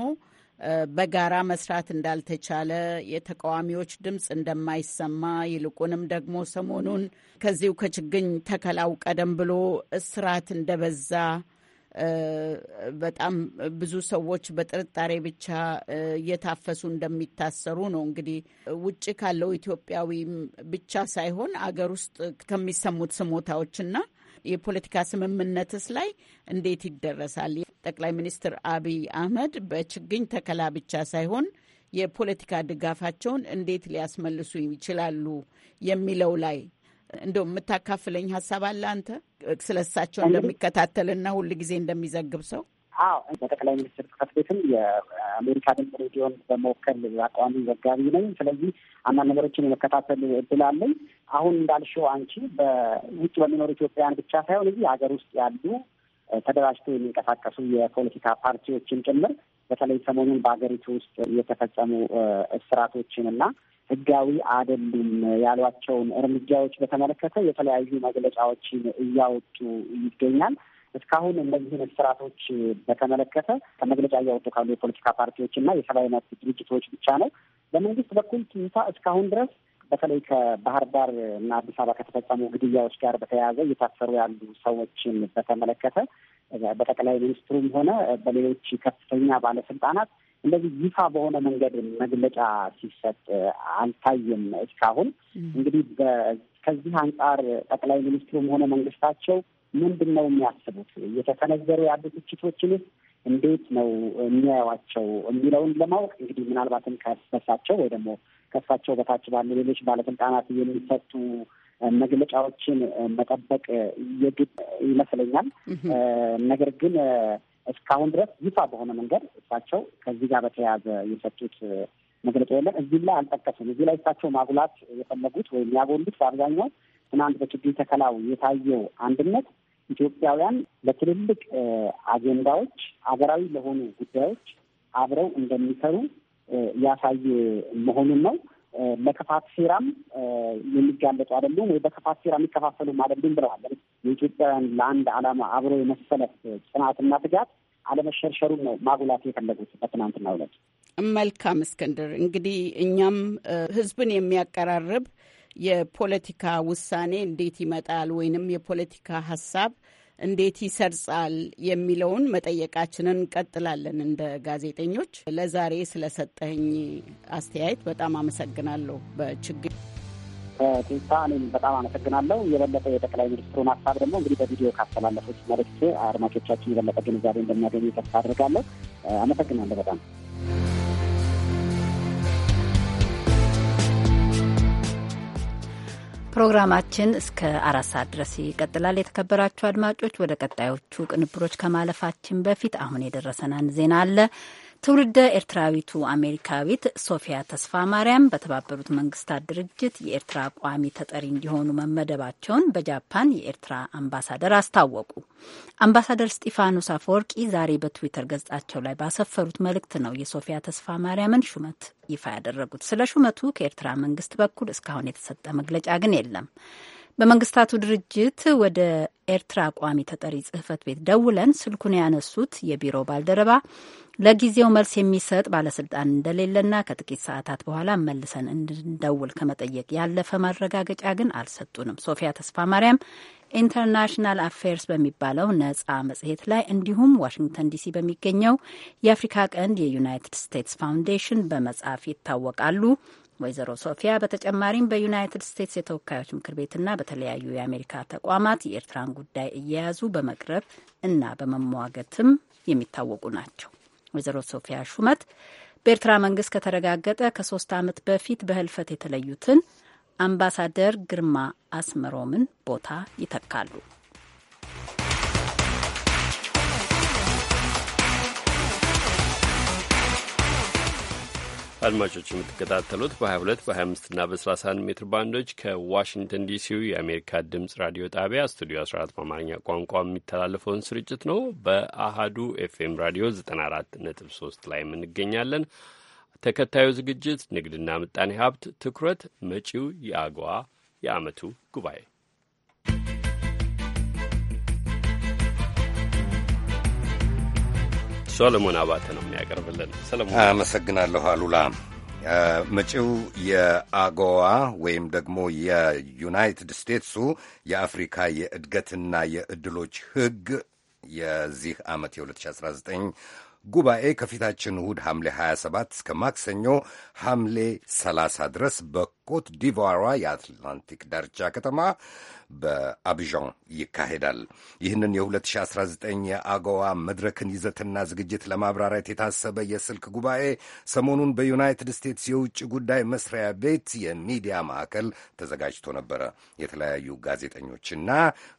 በጋራ መስራት እንዳልተቻለ፣ የተቃዋሚዎች ድምፅ እንደማይሰማ፣ ይልቁንም ደግሞ ሰሞኑን ከዚሁ ከችግኝ ተከላው ቀደም ብሎ እስራት እንደበዛ በጣም ብዙ ሰዎች በጥርጣሬ ብቻ እየታፈሱ እንደሚታሰሩ ነው። እንግዲህ ውጭ ካለው ኢትዮጵያዊም ብቻ ሳይሆን አገር ውስጥ ከሚሰሙት ስሞታዎችና የፖለቲካ ስምምነትስ ላይ እንዴት ይደረሳል? ጠቅላይ ሚኒስትር አብይ አህመድ በችግኝ ተከላ ብቻ ሳይሆን የፖለቲካ ድጋፋቸውን እንዴት ሊያስመልሱ ይችላሉ የሚለው ላይ እንደው የምታካፍለኝ ሀሳብ አለ አንተ ስለሳቸው እንደሚከታተልና ሁል ጊዜ እንደሚዘግብ ሰው አዎ በጠቅላይ ሚኒስትር ጽሕፈት ቤትም የአሜሪካ ድምጽ ሬዲዮን በመወከል አቋሚ ዘጋቢ ነኝ። ስለዚህ አንዳንድ ነገሮችን የመከታተል እድል አለኝ። አሁን እንዳልሽው አንቺ በውጭ በሚኖሩ ኢትዮጵያውያን ብቻ ሳይሆን እዚህ ሀገር ውስጥ ያሉ ተደራጅተው የሚንቀሳቀሱ የፖለቲካ ፓርቲዎችን ጭምር በተለይ ሰሞኑን በሀገሪቱ ውስጥ የተፈጸሙ እስራቶችን እና ህጋዊ አይደሉም ያሏቸውን እርምጃዎች በተመለከተ የተለያዩ መግለጫዎችን እያወጡ ይገኛል። እስካሁን እነዚህን ስርዓቶች በተመለከተ ከመግለጫ እያወጡ ካሉ የፖለቲካ ፓርቲዎች እና የሰብአዊ መብት ድርጅቶች ብቻ ነው። በመንግስት በኩል ትንታ እስካሁን ድረስ በተለይ ከባህር ዳር እና አዲስ አበባ ከተፈጸሙ ግድያዎች ጋር በተያያዘ እየታሰሩ ያሉ ሰዎችን በተመለከተ በጠቅላይ ሚኒስትሩም ሆነ በሌሎች ከፍተኛ ባለስልጣናት እንደዚህ ይፋ በሆነ መንገድ መግለጫ ሲሰጥ አልታየም። እስካሁን እንግዲህ ከዚህ አንጻር ጠቅላይ ሚኒስትሩም ሆነ መንግስታቸው ምንድን ነው የሚያስቡት? እየተሰነዘሩ ያሉ ትችቶችንስ እንዴት ነው የሚያዩዋቸው የሚለውን ለማወቅ እንግዲህ ምናልባትም ከበሳቸው ወይ ደግሞ ከሳቸው በታች ባሉ ሌሎች ባለስልጣናት የሚሰጡ መግለጫዎችን መጠበቅ የግድ ይመስለኛል። ነገር ግን እስካሁን ድረስ ይፋ በሆነ መንገድ እሳቸው ከዚህ ጋር በተያያዘ የሰጡት መግለጫ የለም። እዚህም ላይ አልጠቀሱም። እዚህ ላይ እሳቸው ማጉላት የፈለጉት ወይም ያጎሉት በአብዛኛው ትናንት በችግኝ ተከላው የታየው አንድነት ኢትዮጵያውያን ለትልልቅ አጀንዳዎች፣ አገራዊ ለሆኑ ጉዳዮች አብረው እንደሚሰሩ ያሳየ መሆኑን ነው። ለክፋት ሴራም የሚጋለጡ አይደሉም ወይ በከፋት ሴራ የሚከፋፈሉም አይደሉም ብለዋል። የኢትዮጵያውያን ለአንድ ዓላማ አብሮ የመሰለፍ ጽናትና ትጋት አለመሸርሸሩን ነው ማጉላት የፈለጉት በትናንትና ዕለት። መልካም እስክንድር፣ እንግዲህ እኛም ህዝብን የሚያቀራርብ የፖለቲካ ውሳኔ እንዴት ይመጣል ወይንም የፖለቲካ ሀሳብ እንዴት ይሰርጻል የሚለውን መጠየቃችንን እንቀጥላለን እንደ ጋዜጠኞች። ለዛሬ ስለሰጠኝ አስተያየት በጣም አመሰግናለሁ። በችግር ቲንሳ እኔም በጣም አመሰግናለሁ። የበለጠ የጠቅላይ ሚኒስትሩን ሀሳብ ደግሞ እንግዲህ በቪዲዮ ካስተላለፉት መልእክት አድማጮቻችን የበለጠ ግንዛቤ እንደሚያገኙ ተስፋ አድርጋለሁ። አመሰግናለሁ በጣም ፕሮግራማችን እስከ አራት ሰዓት ድረስ ይቀጥላል። የተከበራችሁ አድማጮች፣ ወደ ቀጣዮቹ ቅንብሮች ከማለፋችን በፊት አሁን የደረሰናን ዜና አለ። ትውልደ ኤርትራዊቱ አሜሪካዊት ሶፊያ ተስፋ ማርያም በተባበሩት መንግስታት ድርጅት የኤርትራ ቋሚ ተጠሪ እንዲሆኑ መመደባቸውን በጃፓን የኤርትራ አምባሳደር አስታወቁ። አምባሳደር ስጢፋኖስ አፈወርቂ ዛሬ በትዊተር ገጻቸው ላይ ባሰፈሩት መልእክት ነው የሶፊያ ተስፋ ማርያምን ሹመት ይፋ ያደረጉት። ስለ ሹመቱ ከኤርትራ መንግስት በኩል እስካሁን የተሰጠ መግለጫ ግን የለም። በመንግስታቱ ድርጅት ወደ ኤርትራ ቋሚ ተጠሪ ጽህፈት ቤት ደውለን ስልኩን ያነሱት የቢሮ ባልደረባ ለጊዜው መልስ የሚሰጥ ባለስልጣን እንደሌለና ከጥቂት ሰዓታት በኋላ መልሰን እንድንደውል ከመጠየቅ ያለፈ ማረጋገጫ ግን አልሰጡንም። ሶፊያ ተስፋ ማርያም ኢንተርናሽናል አፌርስ በሚባለው ነጻ መጽሔት ላይ እንዲሁም ዋሽንግተን ዲሲ በሚገኘው የአፍሪካ ቀንድ የዩናይትድ ስቴትስ ፋውንዴሽን በመጻፍ ይታወቃሉ። ወይዘሮ ሶፊያ በተጨማሪም በዩናይትድ ስቴትስ የተወካዮች ምክር ቤትና በተለያዩ የአሜሪካ ተቋማት የኤርትራን ጉዳይ እየያዙ በመቅረብ እና በመሟገትም የሚታወቁ ናቸው። ወይዘሮ ሶፊያ ሹመት በኤርትራ መንግስት ከተረጋገጠ ከሶስት ዓመት በፊት በህልፈት የተለዩትን አምባሳደር ግርማ አስመሮምን ቦታ ይተካሉ። አድማጮች የምትከታተሉት በ22 በ25 እና በ31 ሜትር ባንዶች ከዋሽንግተን ዲሲው የአሜሪካ ድምፅ ራዲዮ ጣቢያ ስቱዲዮ 14 በአማርኛ ቋንቋ የሚተላለፈውን ስርጭት ነው። በአሃዱ ኤፍኤም ራዲዮ 94.3 ላይ እንገኛለን። ተከታዩ ዝግጅት ንግድና ምጣኔ ሀብት ትኩረት፣ መጪው የአገዋ የዓመቱ ጉባኤ ሰለሞን አባተ ነው የሚያቀርብልን። ሰለሞን አመሰግናለሁ። አሉላ መጪው የአጎዋ ወይም ደግሞ የዩናይትድ ስቴትሱ የአፍሪካ የእድገትና የእድሎች ህግ የዚህ ዓመት የ2019 ጉባኤ ከፊታችን እሁድ ሐምሌ 27 እስከ ማክሰኞ ሐምሌ 30 ድረስ በኮት ዲቫሯ የአትላንቲክ ዳርቻ ከተማ በአብዣን ይካሄዳል። ይህንን የ2019 የአገዋ መድረክን ይዘትና ዝግጅት ለማብራራት የታሰበ የስልክ ጉባኤ ሰሞኑን በዩናይትድ ስቴትስ የውጭ ጉዳይ መስሪያ ቤት የሚዲያ ማዕከል ተዘጋጅቶ ነበረ። የተለያዩ ጋዜጠኞችና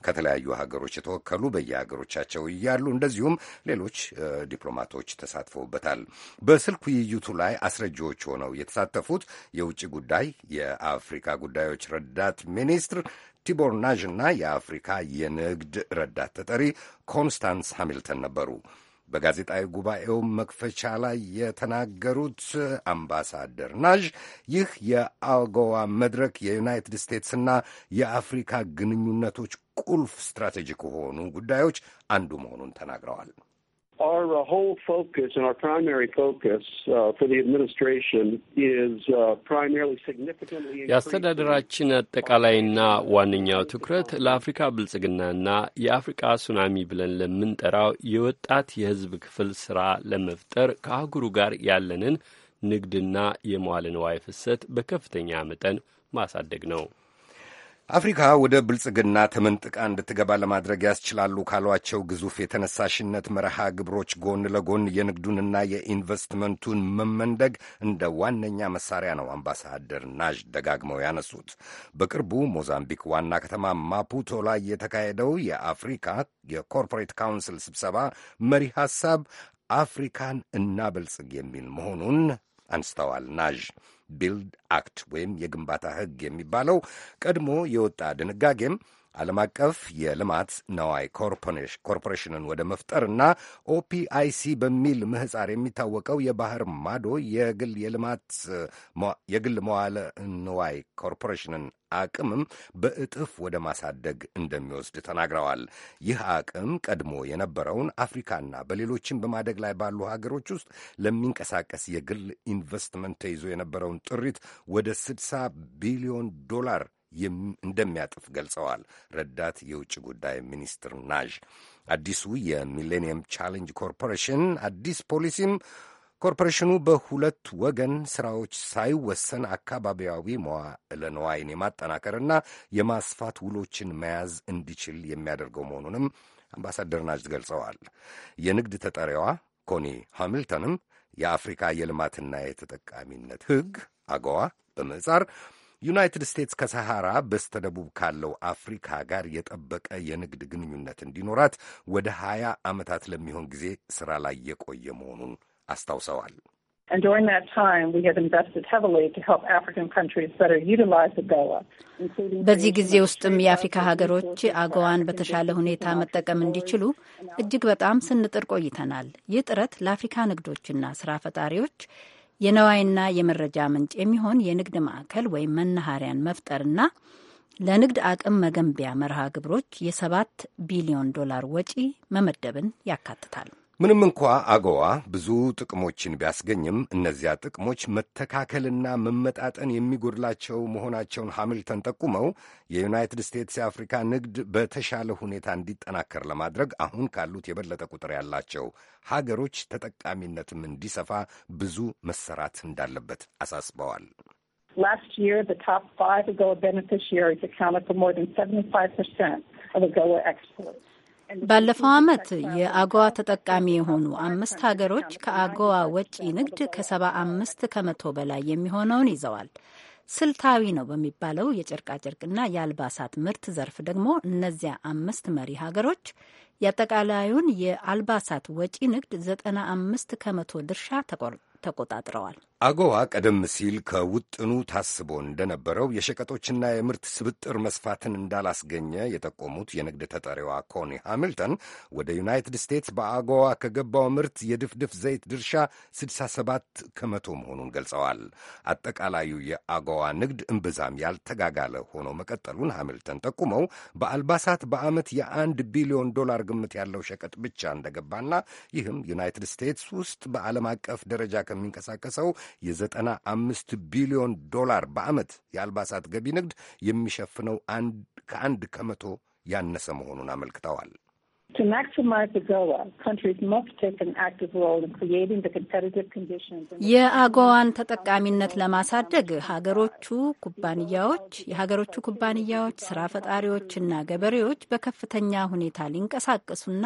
ከተለያዩ ሀገሮች የተወከሉ በየሀገሮቻቸው እያሉ እንደዚሁም ሌሎች ዲፕሎማቶች ተሳትፈውበታል። በስልክ ውይይቱ ላይ አስረጂዎች ሆነው የተሳተፉት የውጭ ጉዳይ የአፍሪካ ጉዳዮች ረዳት ሚኒስትር ቲቦር ናዥ እና የአፍሪካ የንግድ ረዳት ተጠሪ ኮንስታንስ ሃሚልተን ነበሩ። በጋዜጣዊ ጉባኤው መክፈቻ ላይ የተናገሩት አምባሳደር ናዥ ይህ የአጎዋ መድረክ የዩናይትድ ስቴትስና የአፍሪካ ግንኙነቶች ቁልፍ ስትራቴጂ ከሆኑ ጉዳዮች አንዱ መሆኑን ተናግረዋል። Our uh, whole focus and our primary focus uh, for the administration is uh, primarily significantly የአስተዳደራችን አጠቃላይና ዋነኛው ትኩረት ለአፍሪካ ብልጽግናና የአፍሪካ ሱናሚ ብለን ለምንጠራው የወጣት የሕዝብ ክፍል ስራ ለመፍጠር ከአህጉሩ ጋር ያለንን ንግድና የመዋለ ንዋይ ፍሰት በከፍተኛ መጠን ማሳደግ ነው። አፍሪካ ወደ ብልጽግና ተመንጥቃ እንድትገባ ለማድረግ ያስችላሉ ካሏቸው ግዙፍ የተነሳሽነት መርሃ ግብሮች ጎን ለጎን የንግዱንና የኢንቨስትመንቱን መመንደግ እንደ ዋነኛ መሳሪያ ነው አምባሳደር ናዥ ደጋግመው ያነሱት። በቅርቡ ሞዛምቢክ ዋና ከተማ ማፑቶ ላይ የተካሄደው የአፍሪካ የኮርፖሬት ካውንስል ስብሰባ መሪ ሐሳብ አፍሪካን እናበልጽግ የሚል መሆኑን አንስተዋል ናዥ ቢልድ አክት ወይም የግንባታ ሕግ የሚባለው ቀድሞ የወጣ ድንጋጌም ዓለም አቀፍ የልማት ነዋይ ኮርፖሬሽንን ወደ መፍጠርና ኦፒአይሲ በሚል ምህፃር የሚታወቀው የባህር ማዶ የግል የልማት የግል መዋለ ንዋይ ኮርፖሬሽንን አቅምም በእጥፍ ወደ ማሳደግ እንደሚወስድ ተናግረዋል። ይህ አቅም ቀድሞ የነበረውን አፍሪካና በሌሎችም በማደግ ላይ ባሉ ሀገሮች ውስጥ ለሚንቀሳቀስ የግል ኢንቨስትመንት ተይዞ የነበረውን ጥሪት ወደ 60 ቢሊዮን ዶላር እንደሚያጥፍ ገልጸዋል። ረዳት የውጭ ጉዳይ ሚኒስትር ናዥ አዲሱ የሚሌኒየም ቻሌንጅ ኮርፖሬሽን አዲስ ፖሊሲም ኮርፖሬሽኑ በሁለት ወገን ስራዎች ሳይወሰን አካባቢያዊ መዋዕለ ነዋይን የማጠናከርና የማስፋት ውሎችን መያዝ እንዲችል የሚያደርገው መሆኑንም አምባሳደር ናጅ ገልጸዋል። የንግድ ተጠሪዋ ኮኒ ሃሚልተንም የአፍሪካ የልማትና የተጠቃሚነት ሕግ አገዋ በምዕጻር ዩናይትድ ስቴትስ ከሰሃራ በስተደቡብ ካለው አፍሪካ ጋር የጠበቀ የንግድ ግንኙነት እንዲኖራት ወደ ሀያ ዓመታት ለሚሆን ጊዜ ስራ ላይ የቆየ መሆኑን አስታውሰዋል። በዚህ ጊዜ ውስጥም የአፍሪካ ሀገሮች አገዋን በተሻለ ሁኔታ መጠቀም እንዲችሉ እጅግ በጣም ስንጥር ቆይተናል። ይህ ጥረት ለአፍሪካ ንግዶችና ስራ ፈጣሪዎች የነዋይና የመረጃ ምንጭ የሚሆን የንግድ ማዕከል ወይም መናኸሪያን መፍጠርና ለንግድ አቅም መገንቢያ መርሃ ግብሮች የሰባት ቢሊዮን ዶላር ወጪ መመደብን ያካትታል። ምንም እንኳ አገዋ ብዙ ጥቅሞችን ቢያስገኝም እነዚያ ጥቅሞች መተካከልና መመጣጠን የሚጎድላቸው መሆናቸውን ሃሚልተን ጠቁመው የዩናይትድ ስቴትስ የአፍሪካ ንግድ በተሻለ ሁኔታ እንዲጠናከር ለማድረግ አሁን ካሉት የበለጠ ቁጥር ያላቸው ሀገሮች ተጠቃሚነትም እንዲሰፋ ብዙ መሰራት እንዳለበት አሳስበዋል። Last year, the top five AGOA beneficiaries accounted for more than 75% of AGOA exports. ባለፈው ዓመት የአጎዋ ተጠቃሚ የሆኑ አምስት ሀገሮች ከአጎዋ ወጪ ንግድ ከሰባ አምስት ከመቶ በላይ የሚሆነውን ይዘዋል። ስልታዊ ነው በሚባለው የጨርቃጨርቅና የአልባሳት ምርት ዘርፍ ደግሞ እነዚያ አምስት መሪ ሀገሮች የአጠቃላዩን የአልባሳት ወጪ ንግድ ዘጠና አምስት ከመቶ ድርሻ ተቆጣጥረዋል። አጎዋ ቀደም ሲል ከውጥኑ ታስቦ እንደነበረው የሸቀጦችና የምርት ስብጥር መስፋትን እንዳላስገኘ የጠቆሙት የንግድ ተጠሪዋ ኮኒ ሃሚልተን ወደ ዩናይትድ ስቴትስ በአጎዋ ከገባው ምርት የድፍድፍ ዘይት ድርሻ 67 ከመቶ መሆኑን ገልጸዋል። አጠቃላዩ የአጎዋ ንግድ እምብዛም ያልተጋጋለ ሆኖ መቀጠሉን ሃሚልተን ጠቁመው በአልባሳት በዓመት የአንድ ቢሊዮን ዶላር ግምት ያለው ሸቀጥ ብቻ እንደገባና ይህም ዩናይትድ ስቴትስ ውስጥ በዓለም አቀፍ ደረጃ ከሚንቀሳቀሰው የዘጠና አምስት ቢሊዮን ዶላር በዓመት የአልባሳት ገቢ ንግድ የሚሸፍነው ከአንድ ከመቶ ያነሰ መሆኑን አመልክተዋል። የአጎዋን ተጠቃሚነት ለማሳደግ ሀገሮቹ ኩባንያዎች የሀገሮቹ ኩባንያዎች ስራ ፈጣሪዎችና ገበሬዎች በከፍተኛ ሁኔታ ሊንቀሳቀሱና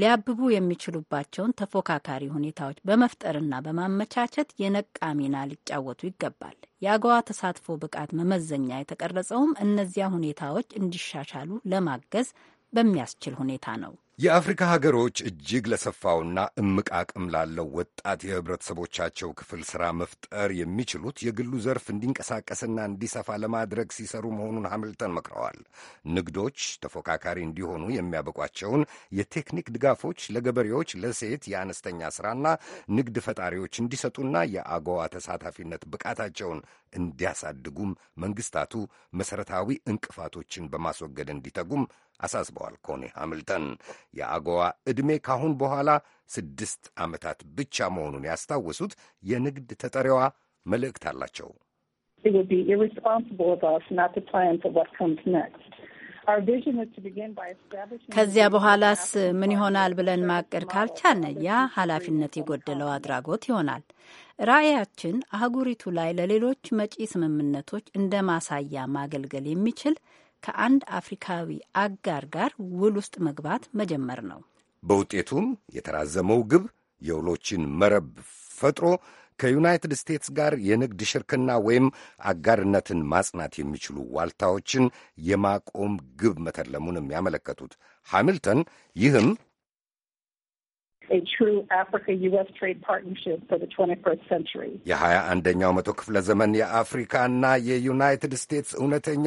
ሊያብቡ የሚችሉባቸውን ተፎካካሪ ሁኔታዎች በመፍጠርና በማመቻቸት የነቃ ሚና ሊጫወቱ ይገባል። የአገዋ ተሳትፎ ብቃት መመዘኛ የተቀረጸውም እነዚያ ሁኔታዎች እንዲሻሻሉ ለማገዝ በሚያስችል ሁኔታ ነው። የአፍሪካ ሀገሮች እጅግ ለሰፋውና እምቅ አቅም ላለው ወጣት የህብረተሰቦቻቸው ክፍል ሥራ መፍጠር የሚችሉት የግሉ ዘርፍ እንዲንቀሳቀስና እንዲሰፋ ለማድረግ ሲሰሩ መሆኑን ሐምልተን መክረዋል። ንግዶች ተፎካካሪ እንዲሆኑ የሚያበቋቸውን የቴክኒክ ድጋፎች ለገበሬዎች፣ ለሴት የአነስተኛ ሥራና ንግድ ፈጣሪዎች እንዲሰጡና የአጎዋ ተሳታፊነት ብቃታቸውን እንዲያሳድጉም መንግሥታቱ መሠረታዊ እንቅፋቶችን በማስወገድ እንዲተጉም አሳስበዋል። ኮኒ ሃሚልተን የአጎዋ ዕድሜ ካሁን በኋላ ስድስት ዓመታት ብቻ መሆኑን ያስታወሱት የንግድ ተጠሪዋ መልእክት አላቸው። ከዚያ በኋላስ ምን ይሆናል ብለን ማቀድ ካልቻነ ያ ኃላፊነት የጎደለው አድራጎት ይሆናል። ራዕያችን አህጉሪቱ ላይ ለሌሎች መጪ ስምምነቶች እንደ ማሳያ ማገልገል የሚችል ከአንድ አፍሪካዊ አጋር ጋር ውል ውስጥ መግባት መጀመር ነው። በውጤቱም የተራዘመው ግብ የውሎችን መረብ ፈጥሮ ከዩናይትድ ስቴትስ ጋር የንግድ ሽርክና ወይም አጋርነትን ማጽናት የሚችሉ ዋልታዎችን የማቆም ግብ መተለሙንም ያመለከቱት ሃሚልተን ይህም የሀያ አንደኛው መቶ ክፍለ ዘመን የአፍሪካና የዩናይትድ ስቴትስ እውነተኛ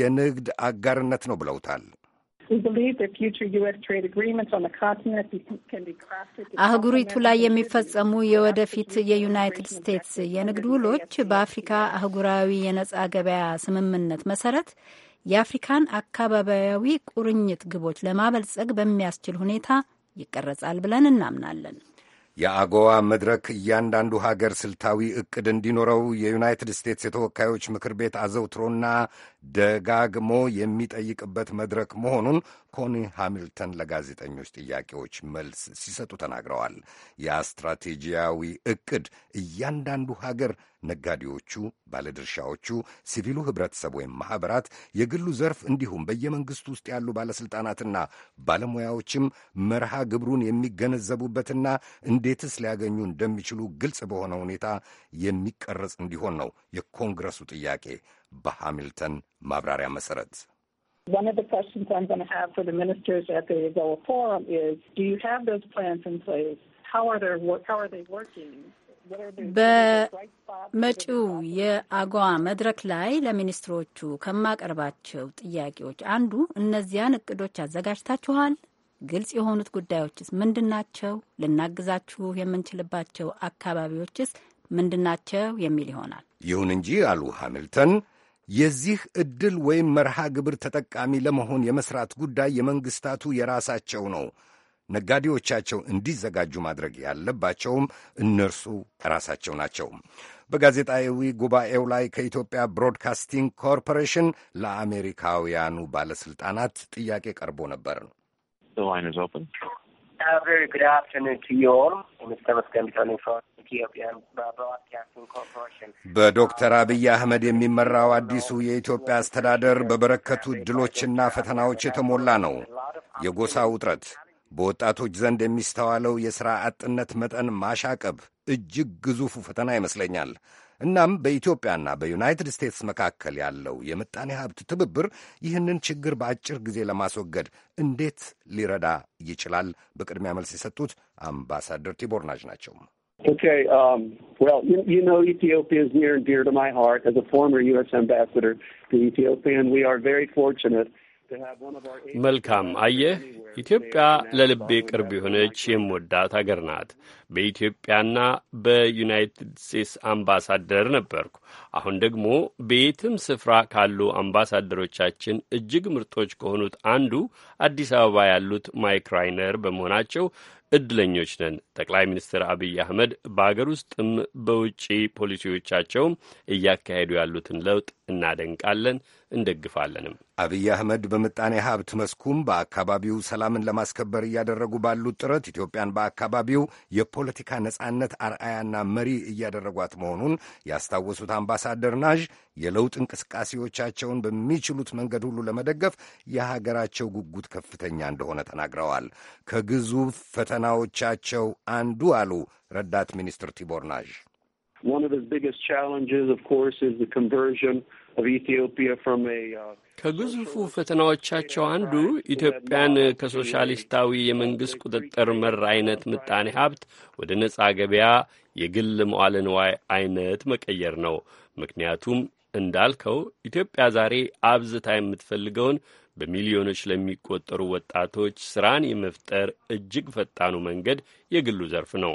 የንግድ አጋርነት ነው ብለውታል። አህጉሪቱ ላይ የሚፈጸሙ የወደፊት የዩናይትድ ስቴትስ የንግድ ውሎች በአፍሪካ አህጉራዊ የነጻ ገበያ ስምምነት መሰረት የአፍሪካን አካባቢያዊ ቁርኝት ግቦች ለማበልጸግ በሚያስችል ሁኔታ ይቀረጻል ብለን እናምናለን። የአጎዋ መድረክ እያንዳንዱ ሀገር ስልታዊ እቅድ እንዲኖረው የዩናይትድ ስቴትስ የተወካዮች ምክር ቤት አዘውትሮና ደጋግሞ የሚጠይቅበት መድረክ መሆኑን ኮኒ ሃሚልተን ለጋዜጠኞች ጥያቄዎች መልስ ሲሰጡ ተናግረዋል። የስትራቴጂያዊ እቅድ እያንዳንዱ ሀገር ነጋዴዎቹ፣ ባለድርሻዎቹ፣ ሲቪሉ ህብረተሰብ ወይም ማኅበራት፣ የግሉ ዘርፍ እንዲሁም በየመንግሥቱ ውስጥ ያሉ ባለሥልጣናትና ባለሙያዎችም መርሃ ግብሩን የሚገነዘቡበትና እንዴትስ ሊያገኙ እንደሚችሉ ግልጽ በሆነ ሁኔታ የሚቀረጽ እንዲሆን ነው የኮንግረሱ ጥያቄ። በሃሚልተን ማብራሪያ መሰረት በመጪው የአጎዋ መድረክ ላይ ለሚኒስትሮቹ ከማቀርባቸው ጥያቄዎች አንዱ እነዚያን እቅዶች አዘጋጅታችኋል? ግልጽ የሆኑት ጉዳዮችስ ምንድን ናቸው? ልናግዛችሁ የምንችልባቸው አካባቢዎችስ ምንድን ናቸው? የሚል ይሆናል። ይሁን እንጂ አሉ ሃሚልተን የዚህ ዕድል ወይም መርሃ ግብር ተጠቃሚ ለመሆን የመስራት ጉዳይ የመንግሥታቱ የራሳቸው ነው። ነጋዴዎቻቸው እንዲዘጋጁ ማድረግ ያለባቸውም እነርሱ ራሳቸው ናቸው። በጋዜጣዊ ጉባኤው ላይ ከኢትዮጵያ ብሮድካስቲንግ ኮርፖሬሽን ለአሜሪካውያኑ ባለሥልጣናት ጥያቄ ቀርቦ ነበር። በዶክተር አብይ አህመድ የሚመራው አዲሱ የኢትዮጵያ አስተዳደር በበረከቱ እድሎችና ፈተናዎች የተሞላ ነው። የጎሳ ውጥረት፣ በወጣቶች ዘንድ የሚስተዋለው የሥራ አጥነት መጠን ማሻቀብ እጅግ ግዙፉ ፈተና ይመስለኛል። እናም በኢትዮጵያና በዩናይትድ ስቴትስ መካከል ያለው የምጣኔ ሀብት ትብብር ይህንን ችግር በአጭር ጊዜ ለማስወገድ እንዴት ሊረዳ ይችላል? በቅድሚያ መልስ የሰጡት አምባሳደር ቲቦር ናጅ ናቸው። Okay. Um, well, you, you know, Ethiopia is near and dear to my heart as a former U.S. ambassador to Ethiopia, and we are very fortunate መልካም አየህ፣ ኢትዮጵያ ለልቤ ቅርብ የሆነች የምወዳት አገር ናት። በኢትዮጵያና በዩናይትድ ስቴትስ አምባሳደር ነበርኩ። አሁን ደግሞ በየትም ስፍራ ካሉ አምባሳደሮቻችን እጅግ ምርጦች ከሆኑት አንዱ አዲስ አበባ ያሉት ማይክ ራይነር በመሆናቸው እድለኞች ነን። ጠቅላይ ሚኒስትር አብይ አህመድ በአገር ውስጥም በውጪ ፖሊሲዎቻቸውም እያካሄዱ ያሉትን ለውጥ እናደንቃለን፣ እንደግፋለንም። አብይ አህመድ በምጣኔ ሀብት መስኩም በአካባቢው ሰላምን ለማስከበር እያደረጉ ባሉት ጥረት ኢትዮጵያን በአካባቢው የፖለቲካ ነጻነት አርአያና መሪ እያደረጓት መሆኑን ያስታወሱት አምባሳደር ናዥ የለውጥ እንቅስቃሴዎቻቸውን በሚችሉት መንገድ ሁሉ ለመደገፍ የሀገራቸው ጉጉት ከፍተኛ እንደሆነ ተናግረዋል። ከግዙፍ ፈተናዎቻቸው አንዱ አሉ ረዳት ሚኒስትር ቲቦር ናዥ ከግዙፉ ፈተናዎቻቸው አንዱ ኢትዮጵያን ከሶሻሊስታዊ የመንግሥት ቁጥጥር መር አይነት ምጣኔ ሀብት ወደ ነጻ ገበያ የግል መዋለ ንዋይ አይነት መቀየር ነው። ምክንያቱም እንዳልከው ኢትዮጵያ ዛሬ አብዝታ የምትፈልገውን በሚሊዮኖች ለሚቆጠሩ ወጣቶች ስራን የመፍጠር እጅግ ፈጣኑ መንገድ የግሉ ዘርፍ ነው።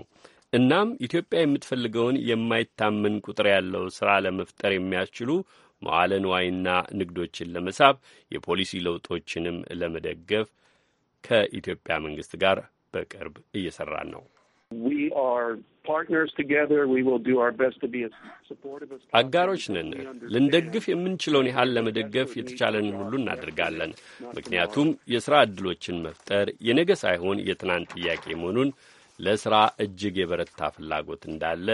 እናም ኢትዮጵያ የምትፈልገውን የማይታመን ቁጥር ያለው ሥራ ለመፍጠር የሚያስችሉ መዋለ ንዋይና ንግዶችን ለመሳብ የፖሊሲ ለውጦችንም ለመደገፍ ከኢትዮጵያ መንግስት ጋር በቅርብ እየሰራን ነው። አጋሮች ነን። ልንደግፍ የምንችለውን ያህል ለመደገፍ የተቻለንን ሁሉ እናደርጋለን። ምክንያቱም የሥራ ዕድሎችን መፍጠር የነገ ሳይሆን የትናንት ጥያቄ መሆኑን ለስራ እጅግ የበረታ ፍላጎት እንዳለ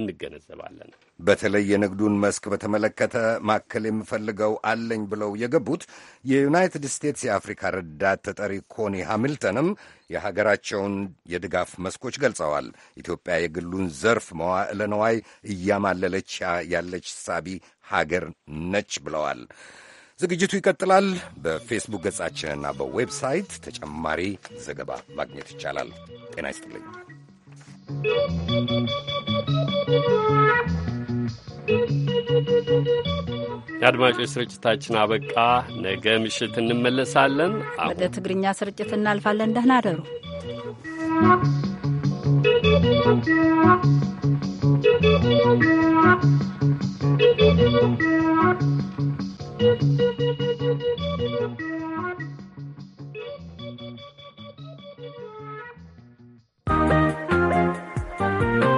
እንገነዘባለን። በተለይ የንግዱን መስክ በተመለከተ ማከል የምፈልገው አለኝ ብለው የገቡት የዩናይትድ ስቴትስ የአፍሪካ ረዳት ተጠሪ ኮኒ ሃሚልተንም የሀገራቸውን የድጋፍ መስኮች ገልጸዋል። ኢትዮጵያ የግሉን ዘርፍ መዋዕለ ነዋይ እያማለለች ያለች ሳቢ ሀገር ነች ብለዋል። ዝግጅቱ ይቀጥላል። በፌስቡክ ገጻችንና በዌብሳይት ተጨማሪ ዘገባ ማግኘት ይቻላል። ጤና ይስጥልኝ። የአድማጮች ስርጭታችን አበቃ። ነገ ምሽት እንመለሳለን። ወደ ትግርኛ ስርጭት እናልፋለን። ደህና አደሩ። thank you